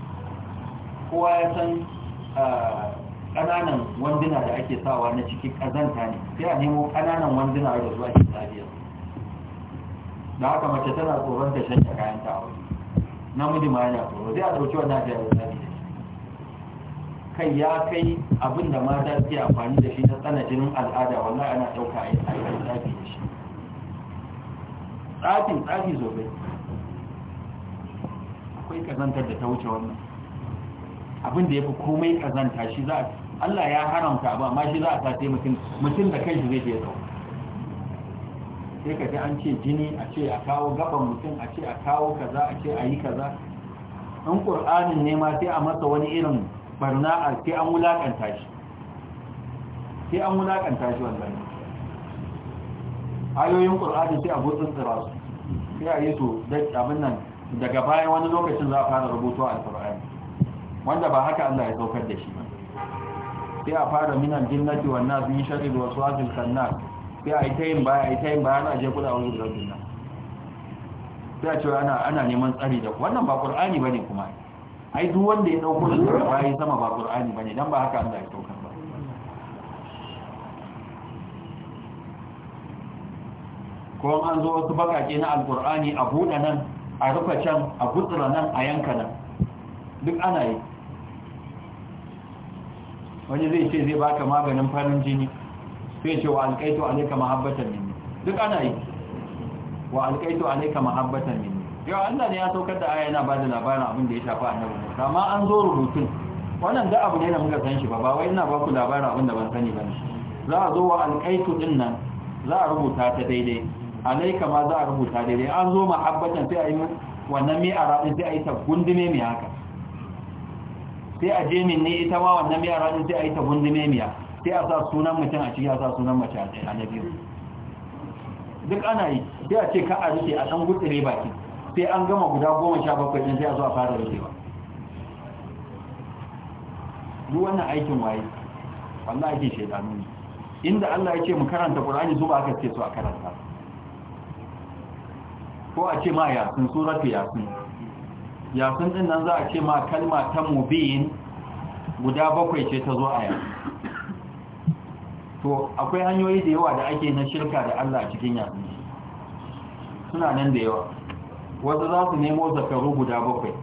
kowa ya san ah, ƙananan wanduna da ake sawa na cikin kazanta ne sai a nemo ƙananan wanduna da zuwa ke tsariya da haka mace tana tsoron ta kayan ta namiji ma yana tsoro zai a ɗauki wannan da ya kai ya kai abin da mata suke amfani da shi ta tsana jinin al'ada wallahi ana ɗauka a yi tsafi da shi tsafi tsafi zobe akwai kazantar da ta wuce wannan abin da ya fi komai kazanta shi za Allah ya haramta ba amma shi za a sace mutum mutum da kanshi zai je zau sai ka ji an ce jini a ce a kawo gaban mutum a ce a kawo kaza a ce a yi kaza Ɗan ƙur'anin ne ma sai a masa wani irin barna a sai an wulakanta shi ke an wulakanta shi wannan ayoyin qur'ani sai abu tsira su sai a yi su da abin nan daga baya wani lokacin za a fara rubutu a alqur'ani wanda ba haka Allah ya saukar da shi ba sai a fara minan jinnati wan nas min sharri waswasil khannas sai a yi ta yin baya a yi ta yin baya na je wani zuwa jinna sai a ce ana ana neman tsari da wannan ba qur'ani bane kuma ai duk wanda ya dauko shi ba ya sama ba qur'ani bane dan ba haka Allah ya dauka ba ko an zo wasu bakake na alqur'ani a buɗe nan a rufe can a gutsura nan a yanka nan duk ana yi wani zai ce zai baka maganin farin jini sai ce wa alƙaito alaika mahabbatan minni duk ana yi wa alƙaito alaika mahabbatan minni yau Allah ne ya saukar da aya yana ba da labarin abin da ya shafa nan Musa amma an zo rubutun wannan da abu ne da muka san shi ba ba wai ina ba ku labarin abin da ban sani ba za a zo wa alƙaitu din nan za a rubuta ta daidai Alayka ma za a rubuta daidai an zo mahabbatan sai a yi wannan mai araɗin sai a yi ta gundume mai haka sai a je min ne ita ma wannan mai araɗin sai a yi ta gundume mai sai a sa sunan mutum a ciki a sa sunan mace a na biyu duk ana yi sai a ce ka a rufe a ɗan gutsire bakin sai an gama guda goma sha bakwai ɗin sai a zo a fara rabewa duk wannan aikin waye wannan ake shaidanu ne inda Allah ya ce mu karanta Qur'ani zuwa aka ce su a karanta ko a ce ma yasin suratu yasin yasin din nan za a ce ma kalma ta mubin guda bakwai ce ta zo a yasin to akwai hanyoyi da yawa da ake na shirka da Allah cikin yasin suna nan da yawa wasu za su nemo zakaru guda bakwai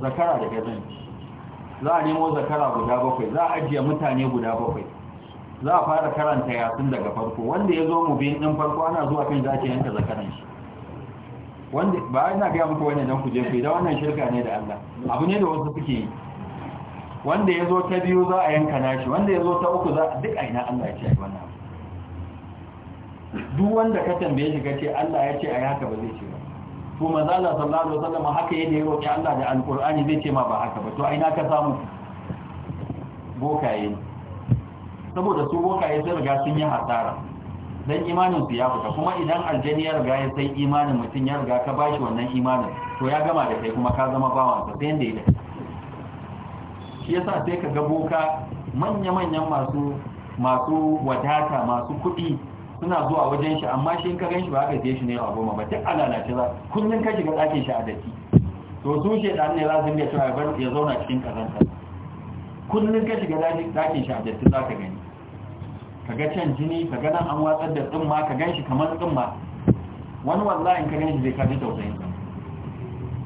zakara da zan za a nemo zakara guda bakwai za a ajiye mutane guda bakwai za a fara karanta yasin daga farko wanda ya zo mu biyan ɗin farko ana zuwa kan za a ce yanka zakaran shi wanda ba ina gaya muku wani dan ku ku da wannan shirka ne da Allah abu ne da wasu suke yi wanda ya zo ta biyu za a yanka nashi wanda ya zo ta uku za duk a ina Allah ya ce wannan duk wanda ka tambaye shi kace Allah ya ce a haka ba zai ce ba to manzala sallallahu alaihi wasallam haka yadda ya roki Allah da alqur'ani zai ce ma ba haka ba to ai na ka samu bokaye saboda su bokaye sai riga sun yi hasara dan imanin su ya fita kuma idan aljani ya riga ya sai imanin mutun ya riga ka bashi wannan imanin to ya gama da kai kuma ka zama bawan sa sai inda yake shi yasa sai ka ga boka manya-manyan masu masu wadata masu kuɗi suna zuwa wajen shi amma shi in ka gan shi ba ka je shi ne a goma ba duk alalace za kullum ka shiga ɗakin shi a daki to su shi ɗan ne za su iya cewa ya zauna cikin kazanta kullum ka shiga ɗakin shi a daki za ka gani ka ga can jini ka ga nan an watsar da tsumma ka gan shi kamar tsumma wani wallahi in ka gan shi zai kaji tausayin sa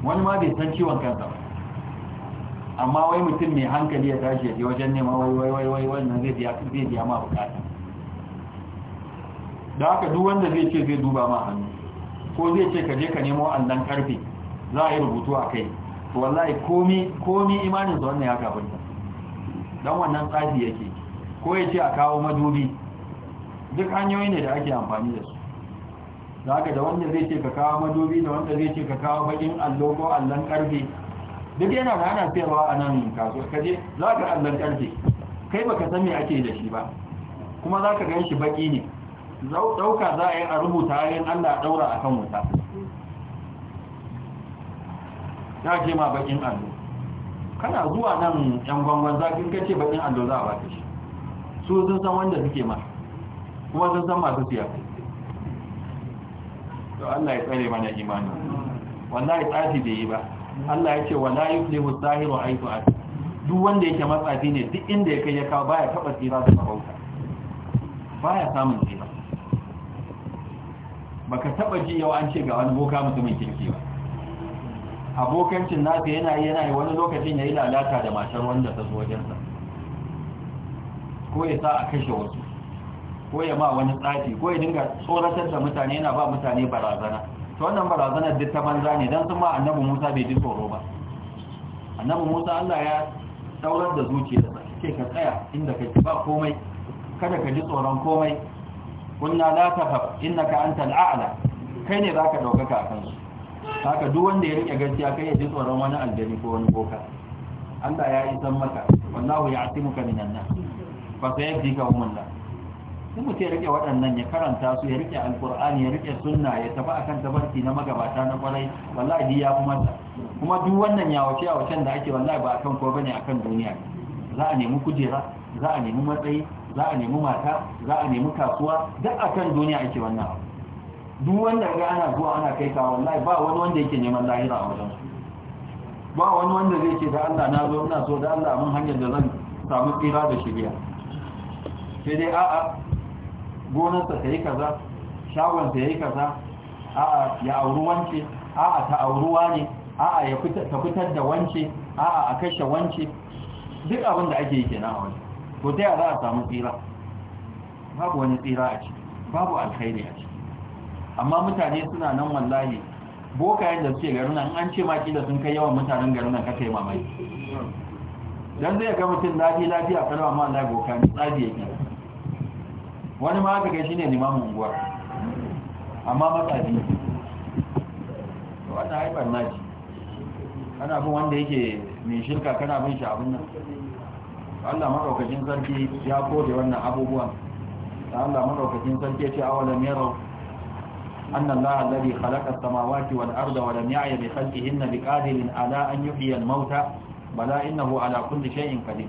wani ma bai san ciwon kansa ba amma wai mutum mai hankali ya tashi ya je wajen neman wai wai wai wannan zai biya ma bukata da haka duk wanda zai ce zai duba ma hannu ko zai ce ka je ka nemo allon karfe za a yi rubutu a kai to wallahi komi komi imanin sa wannan ya gabanta dan wannan tsafi yake ko ya ce a kawo madubi duk hanyoyi ne da ake amfani da su da haka da wanda zai ce ka kawo madubi da wanda zai ce ka kawo bakin allo ko allon karfe duk yana da ana sayarwa a nan kasuwa je za ka allon karfe kai baka san me ake da shi ba kuma za ka gan shi baki ne dauka za a yi a rubuta yin Allah daura kan wuta ya ce ma bakin allo kana zuwa nan yan gwangwan zafin kace bakin allo za a baka shi su sun san wanda suke ma kuma sun san masu siya to Allah ya tsare mana imani ya tsafi bai yi ba Allah ya ce wala yuflihu wa aitu at duk wanda yake matsafi ne duk inda ya kai ya kawo baya taba tsira da Ba baya samun baka taba ji yau an ce ga wani boka mutumin kirki ba abokancin nasa yana yi yana yi wani lokacin ya yi lalata da matar wanda ta zo wajensa ko ya sa a kashe wasu ko ya ma wani tsafi ko ya dinga tsoratar da mutane yana ba mutane barazana ta wannan barazanar duk ta banza ne don sun ma annabi musa bai ji tsoro ba annabi musa allah ya saurar da zuciyarsa ce ka tsaya inda ka ba komai kada ka ji tsoron komai kunna la tahab innaka antal a'la kai ne zaka daukaka kan su haka duk wanda ya rike gaskiya kai ya ji tsoron wani aljani ko wani boka Allah ya yi san maka wallahu ya'timuka minan nas fa ka umullah sun mutu rike waɗannan ya karanta su ya rike alkur'ani ya rike sunna ya tafi akan tabarki na magabata na kwarai wallahi ya kuma kuma duk wannan ya yawace yawacen da ake wallahi ba akan ko bane akan duniya za a nemi kujera za a nemi matsayi za a nemi mata za a nemi kasuwa duk a kan duniya ake wannan abu duk wanda ga ana zuwa ana kai ka wallahi ba wani wanda yake neman lahira a wajen ba wani wanda zai ce da Allah na zo ina so da Allah mun hanyar da zan samu tsira da shiriya sai dai a'a gonarsa ta yi kaza shagonsa ya yi kaza a'a ya auri wance a'a ta auruwa ne a'a ya ta fitar da wance a'a a kashe wance duk abin da ake yi kenan a wajen ko ta yaya za a samu tsira babu wani tsira a ciki babu alkhairi a ciki amma mutane suna nan wallahi boka da suke garin nan an ce ma kila sun kai yawan mutanen garin nan kaka yi mamaye dan zai ga mutum lafiya a kalma ma Allah boka ne ya ke. wani ma aka kai shine limamin unguwa amma matsabi to wannan haifar naji kana bin wanda yake mai shirka kana bin shi abin nan Allah madaukakin sarki ya kore wannan abubuwan da Allah madaukakin sarki ya ce awalam yarau أن الله الذي خلق السماوات والأرض ولم يعي بخلقهن بقادر على أن يحيي mauta bala innahu على كل in قدير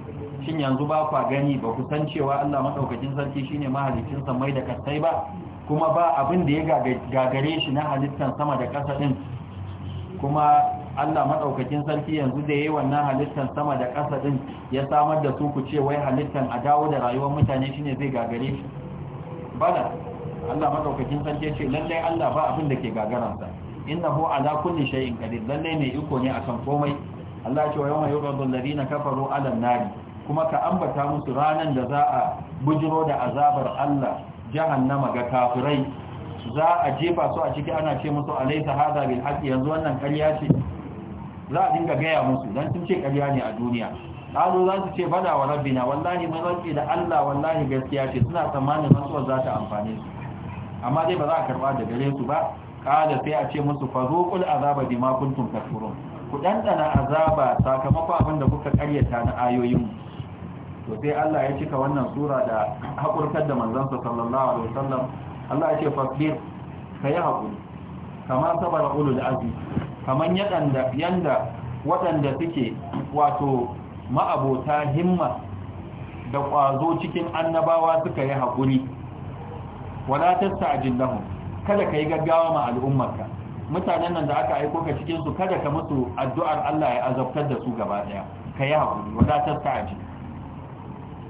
shin yanzu ba kwa gani ba ku san cewa Allah madaukakin sarki shine mahalicin samai da kasai ba kuma ba abin da ya gagare shi na halittan sama da kasa din kuma Allah madaukakin sarki yanzu da yayi wannan halittar sama da ƙasa din ya samar da su ku ce wai halittar a dawo da rayuwar mutane shine zai gagare shi bala Allah madaukakin sarki ce lalle Allah ba abin da ke gagaransa innahu ala kulli shay'in qadir lalle ne iko ne akan komai Allah ce wa yawma yuraddu alladhina kafaru ala an-nari kuma ka ambata musu ranan da za a bujiro da azabar Allah jahannama ga kafirai za a jefa su a ciki ana ce musu alaisa hada bil haqqi yanzu wannan ƙarya ce za a dinga gaya musu dan sun ce ƙarya ne a duniya ƙazo za su ce bada wa rabbina wallahi mun da Allah wallahi gaskiya ce suna tsammanin rantsuwar za ta amfane su amma dai ba za a karɓa da gare su ba kada sai a ce musu fazuqul azaba ma kuntum takfurun ku dandana azaba sakamakon abin da kuka karyata na ayoyin to sai Allah ya cika wannan sura da haƙurkar da manzon sa sallallahu alaihi wasallam Allah ya ce fasbir kai haƙuri. kamar sabara ulul azmi kaman yadanda yanda wadanda suke wato ma'abota himma da kwazo cikin annabawa suka yi hakuri wala tasta'jil lahum kada kai gaggawa ma al'ummarka mutanen nan da aka aika ka cikin su kada ka musu addu'ar Allah ya azabtar da su gaba daya kai hakuri wala tasta'jil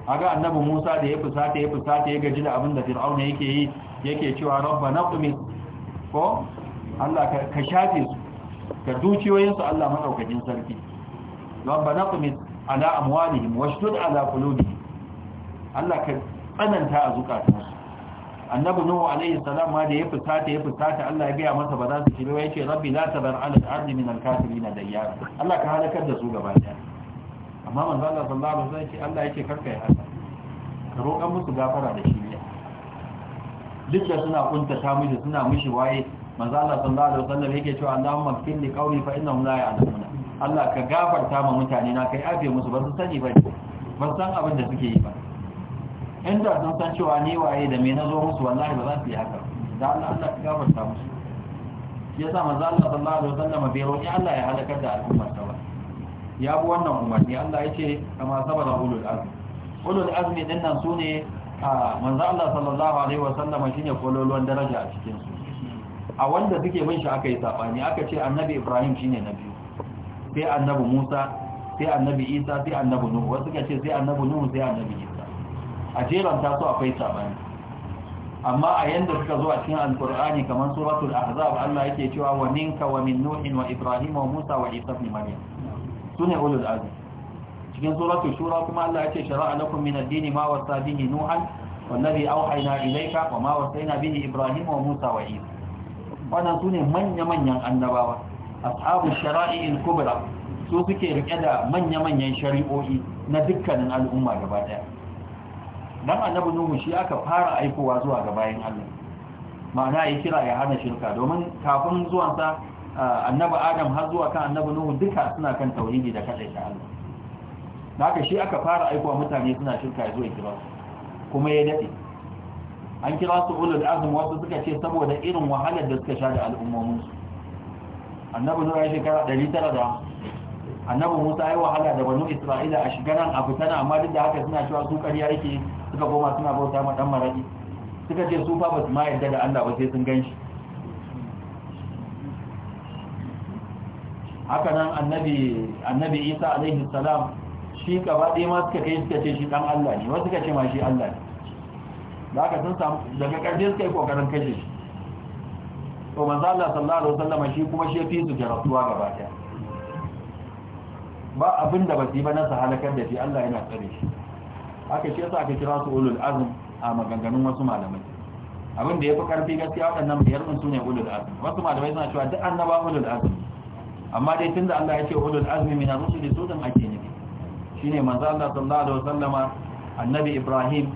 aga annabi Musa da ya fusata ya fusata ya gaji da abin da Fir'auna yake yi yake cewa rabbana qumi ko Allah ka shafe su ka dukiyoyinsu Allah maɗaukacin sarki don ba na kumis ala amwalihim washdud ala qulubihim Allah ka tsananta a zukatansu annabi nuhu alaihi salam ma da ya fusata ya fusata Allah ya gaya masa ba za su ci ba yace rabbi la tabar ala al-ardi min al-kafirin dayyara Allah ka halakar da su gaba daya amma manzo Allah sallallahu alaihi wasallam ce Allah yake karka ya haka ka roƙan musu gafara da shi duk da suna kunta ta miji suna mishi waye manzo Allah sallallahu alaihi wasallam yake cewa Allahumma fil li qaumi fa innahum la ya'lamuna Allah ka gafarta ma mutane na kai afiye musu ba su sani ba ba san abin da suke yi ba inda sun san cewa ni waye da me nazo musu wallahi ba za su yi haka da Allah Allah ka gafarta musu shi yasa manzo Allah sallallahu alaihi wasallam bai roki Allah ya halaka da al'umma ta ba ya bu wannan umarni Allah yake ce kama sabara ulul azmi ulul azmi dinnan sune a manzo Allah sallallahu alaihi wasallam shine kololuwan daraja a cikin su a wanda suke bin shi aka yi sabani aka ce annabi ibrahim shine na biyu sai annabi musa sai annabi isa sai annabi nuhu wasu suka ce sai annabi nuhu sai annabi isa a jeran ta so akwai sabani amma a yanda suka zo a cikin alqur'ani kamar suratul ahzab Allah yake cewa wa minka wa min nuhin wa ibrahim wa musa wa isa ibn maryam sune ulul azm cikin suratul shura kuma Allah yake shara'a lakum min ad-din ma wasa bihi nuhan والذي أوحينا إليك وما وصينا به إبراهيم وموسى وعيسى wannan su ne manya-manyan annabawa ashabu shari'in kubra su suke rike da manya-manyan shari'o'i na dukkanin al'umma gaba daya don annabi nuhu shi aka fara aikowa zuwa ga bayan Allah ma'ana ya kira ya hana shirka domin kafin zuwansa annabi adam har zuwa kan annabi nuhu duka suna kan tauhidi da kadai ta Allah da aka shi aka fara aikowa mutane suna shirka ya zo ya kira kuma ya daɗe an kira su ulul azm wasu suka ce saboda irin wahalar da suka sha da al'ummomin su annabi nura ya shekara da annabi musa ya wahala da banu isra'ila a nan a fitana amma duk da haka suna cewa su ƙarya yake suka koma suna bauta ma dan maraɗi, suka ce su fa ba su ma yarda da Allah ba sai sun ganshi haka nan annabi annabi Isa alaihi salam shi gaba ɗaya ma suka kai suka ce shi Ɗan Allah ne wasu suka ce ma shi Allah ne da aka sun samu daga ƙarfe suka yi ƙoƙarin kashe shi to manzo Allah sallallahu alaihi wasallam shi kuma shi ya fi su jarabtuwa gaba ɗaya ba abin da ba su yi ba na su halakar da shi Allah yana tsare shi aka ce sa aka kira su ulul azm a maganganun wasu malamai abin da ya fi karfi gaskiya waɗannan biyar ɗin su ne ulul azm wasu malamai suna cewa duk annaba ulul azm amma dai tun da Allah ya ce ulul azumi mina rusuli su ake nufi shine manzo Allah sallallahu alaihi wasallama annabi Ibrahim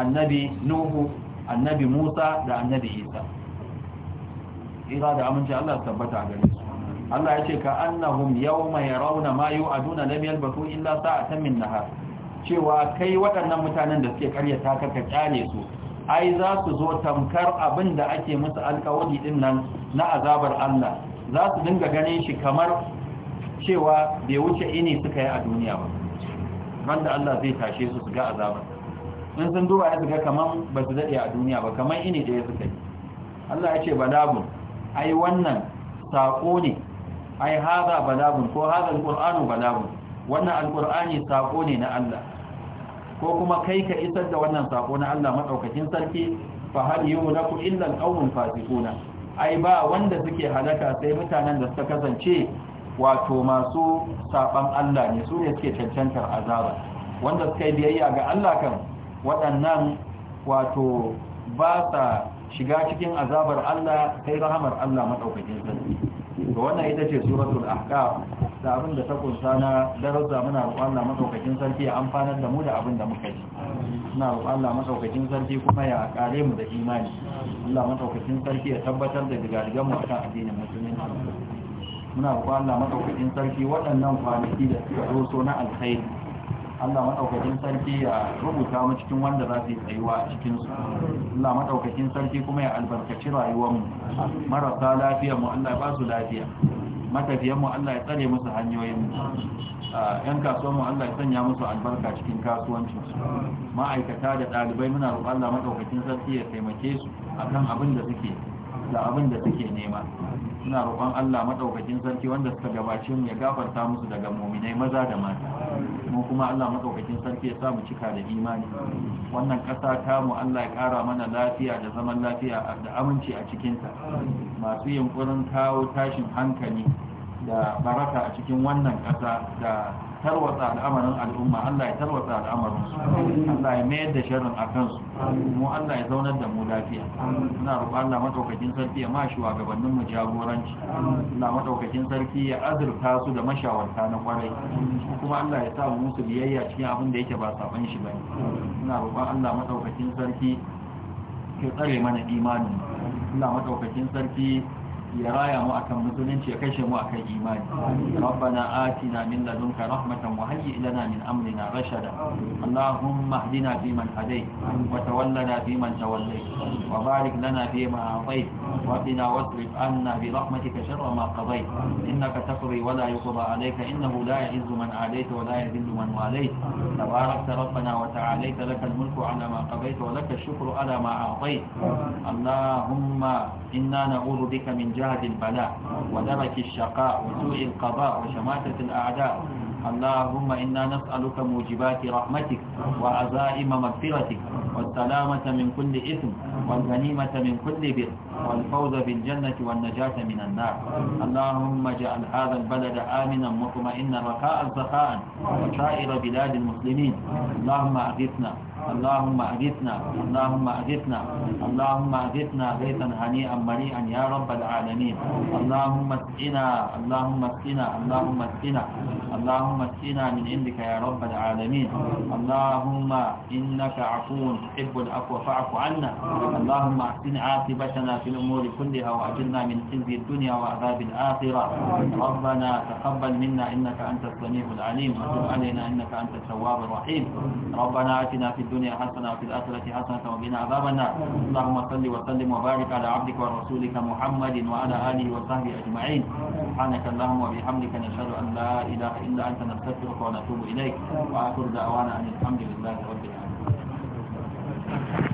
annabi nuhu annabi musa da annabi isa ira da aminci allah tabbata a gare su allah ya ce ka annahum yawma a ma na lam yalbathu illa ta min nahar cewa kai waɗannan mutanen da suke karyata ka ka kyale su ai za su zo tamkar abin da ake musu alkawari din nan na azabar allah za su dinga ganin shi kamar cewa bai wuce ini suka yi a duniya ba randa allah zai tashe su su ga azabar in sun duba ya suka kamar ba su daɗe a duniya ba kamar ini da ya suka yi Allah ya ce balagun ai wannan saƙo ne ai haza balagun ko haza alƙur'anu balagun wannan alƙur'ani saƙo ne na Allah ko kuma kai ka isar da wannan saƙo na Allah maɗaukakin sarki fa hal yumlaku illa alqawmul fasiquna ai ba wanda suke halaka sai mutanen da suka kasance wato masu saban Allah ne su ne suke cancantar azaba wanda suka yi biyayya ga Allah kan waɗannan wato ba sa shiga cikin azabar Allah sai rahamar Allah madaukakin sarki Da wannan ita ce suratul ahqaf da abin da ta kunsa na daraja muna roƙon Allah madaukakin sarki ya amfanar da mu da abin da muka ji muna roƙon Allah madaukakin sarki kuma ya ƙare mu da imani Allah madaukakin sarki ya tabbatar da digadigan mu akan addinin musulunci muna roƙon Allah madaukakin sarki waɗannan kwanaki da suka zo na alkhairi Allah madaukakin sarki ya rubuta mu cikin wanda za su yi tsayuwa a cikin su Allah madaukakin sarki kuma ya albarkaci rayuwar mu marasa lafiya mu Allah ya ba su lafiya matafiyan mu Allah ya tsare musu hanyoyin yan kasuwan mu Allah ya sanya musu albarka cikin kasuwancin ma'aikata da ɗalibai muna roƙon Allah madaukakin sarki ya taimake su akan abin da suke da abin da suke nema suna roƙon Allah madaukakin sarki wanda suka gabace mu ya gafarta musu daga muminai maza da mata mu kuma Allah madaukakin sarki ya sa mu cika da imani wannan ƙasa ta mu Allah ya ƙara mana lafiya da zaman lafiya da aminci a cikin ta masu yunkurin kawo tashin hankali da baraka a cikin wannan ƙasa da tarwatsa al'amarin al'umma Allah ya tarwatsa al'amarin su Allah ya mayar da sharrin a kansu mu Allah ya zaunar da mu lafiya muna roƙon Allah madaukakin sarki ya ma shi wa gabanin mu jagoranci Allah madaukakin sarki ya azurta su da mashawarta na kwarai kuma Allah ya sa mu su biyayya cikin abin da yake ba saban shi bane muna roƙon Allah madaukakin sarki ya tsare mana imanin Allah madaukakin sarki ya raya mu akan musulunci ya kashe mu akan imani rabbana atina min ladunka rahmatan wa hayyi lana min amrina rashada allahumma ihdina fiman hadayt wa tawallana fiman tawallayt wa barik lana ma atayt wa qina wasrif anna bi rahmatika sharra ma qadayt innaka taqdi wa la yuqda alayka innahu la ya'izzu man adayt wa la yadhillu man walayt tabarakta rabbana wa ta'alayta lakal mulku ala ma qadayt wa lakal shukru ala ma a'tayt اللهم إنا نعوذ بك من وجهد البلاء ودرك الشقاء وسوء القضاء وشماتة الأعداء اللهم إنا نسألك موجبات رحمتك وعزائم مغفرتك والسلامة من كل إثم والغنيمة من كل بر والفوز بالجنة والنجاة من النار اللهم اجعل هذا البلد آمنا مطمئنا رخاء سخاء وسائر بلاد المسلمين اللهم أغثنا اللهم أهدتنا اللهم أهدتنا اللهم أهدتنا بيتا هنيئا مريئا يا رب العالمين اللهم اسقنا اللهم اسقنا اللهم اسقنا اللهم اسقنا من عندك يا رب العالمين اللهم إنك عفو تحب العفو فاعف عنا اللهم أحسن عاقبتنا في الأمور كلها واجرنا من خزي الدنيا وعذاب الآخرة ربنا تقبل منا إنك أنت السميع العليم وتب علينا إنك أنت التواب الرحيم ربنا آتنا في الدنيا الدنيا حسنة وفي الآخرة حسنة وقنا عذاب النار اللهم صل وسلم وبارك على عبدك ورسولك محمد وعلى آله وصحبه أجمعين سبحانك اللهم وبحمدك نشهد أن لا إله إلا أنت نستغفرك ونتوب إليك وآخر دعوانا أن الحمد لله رب العالمين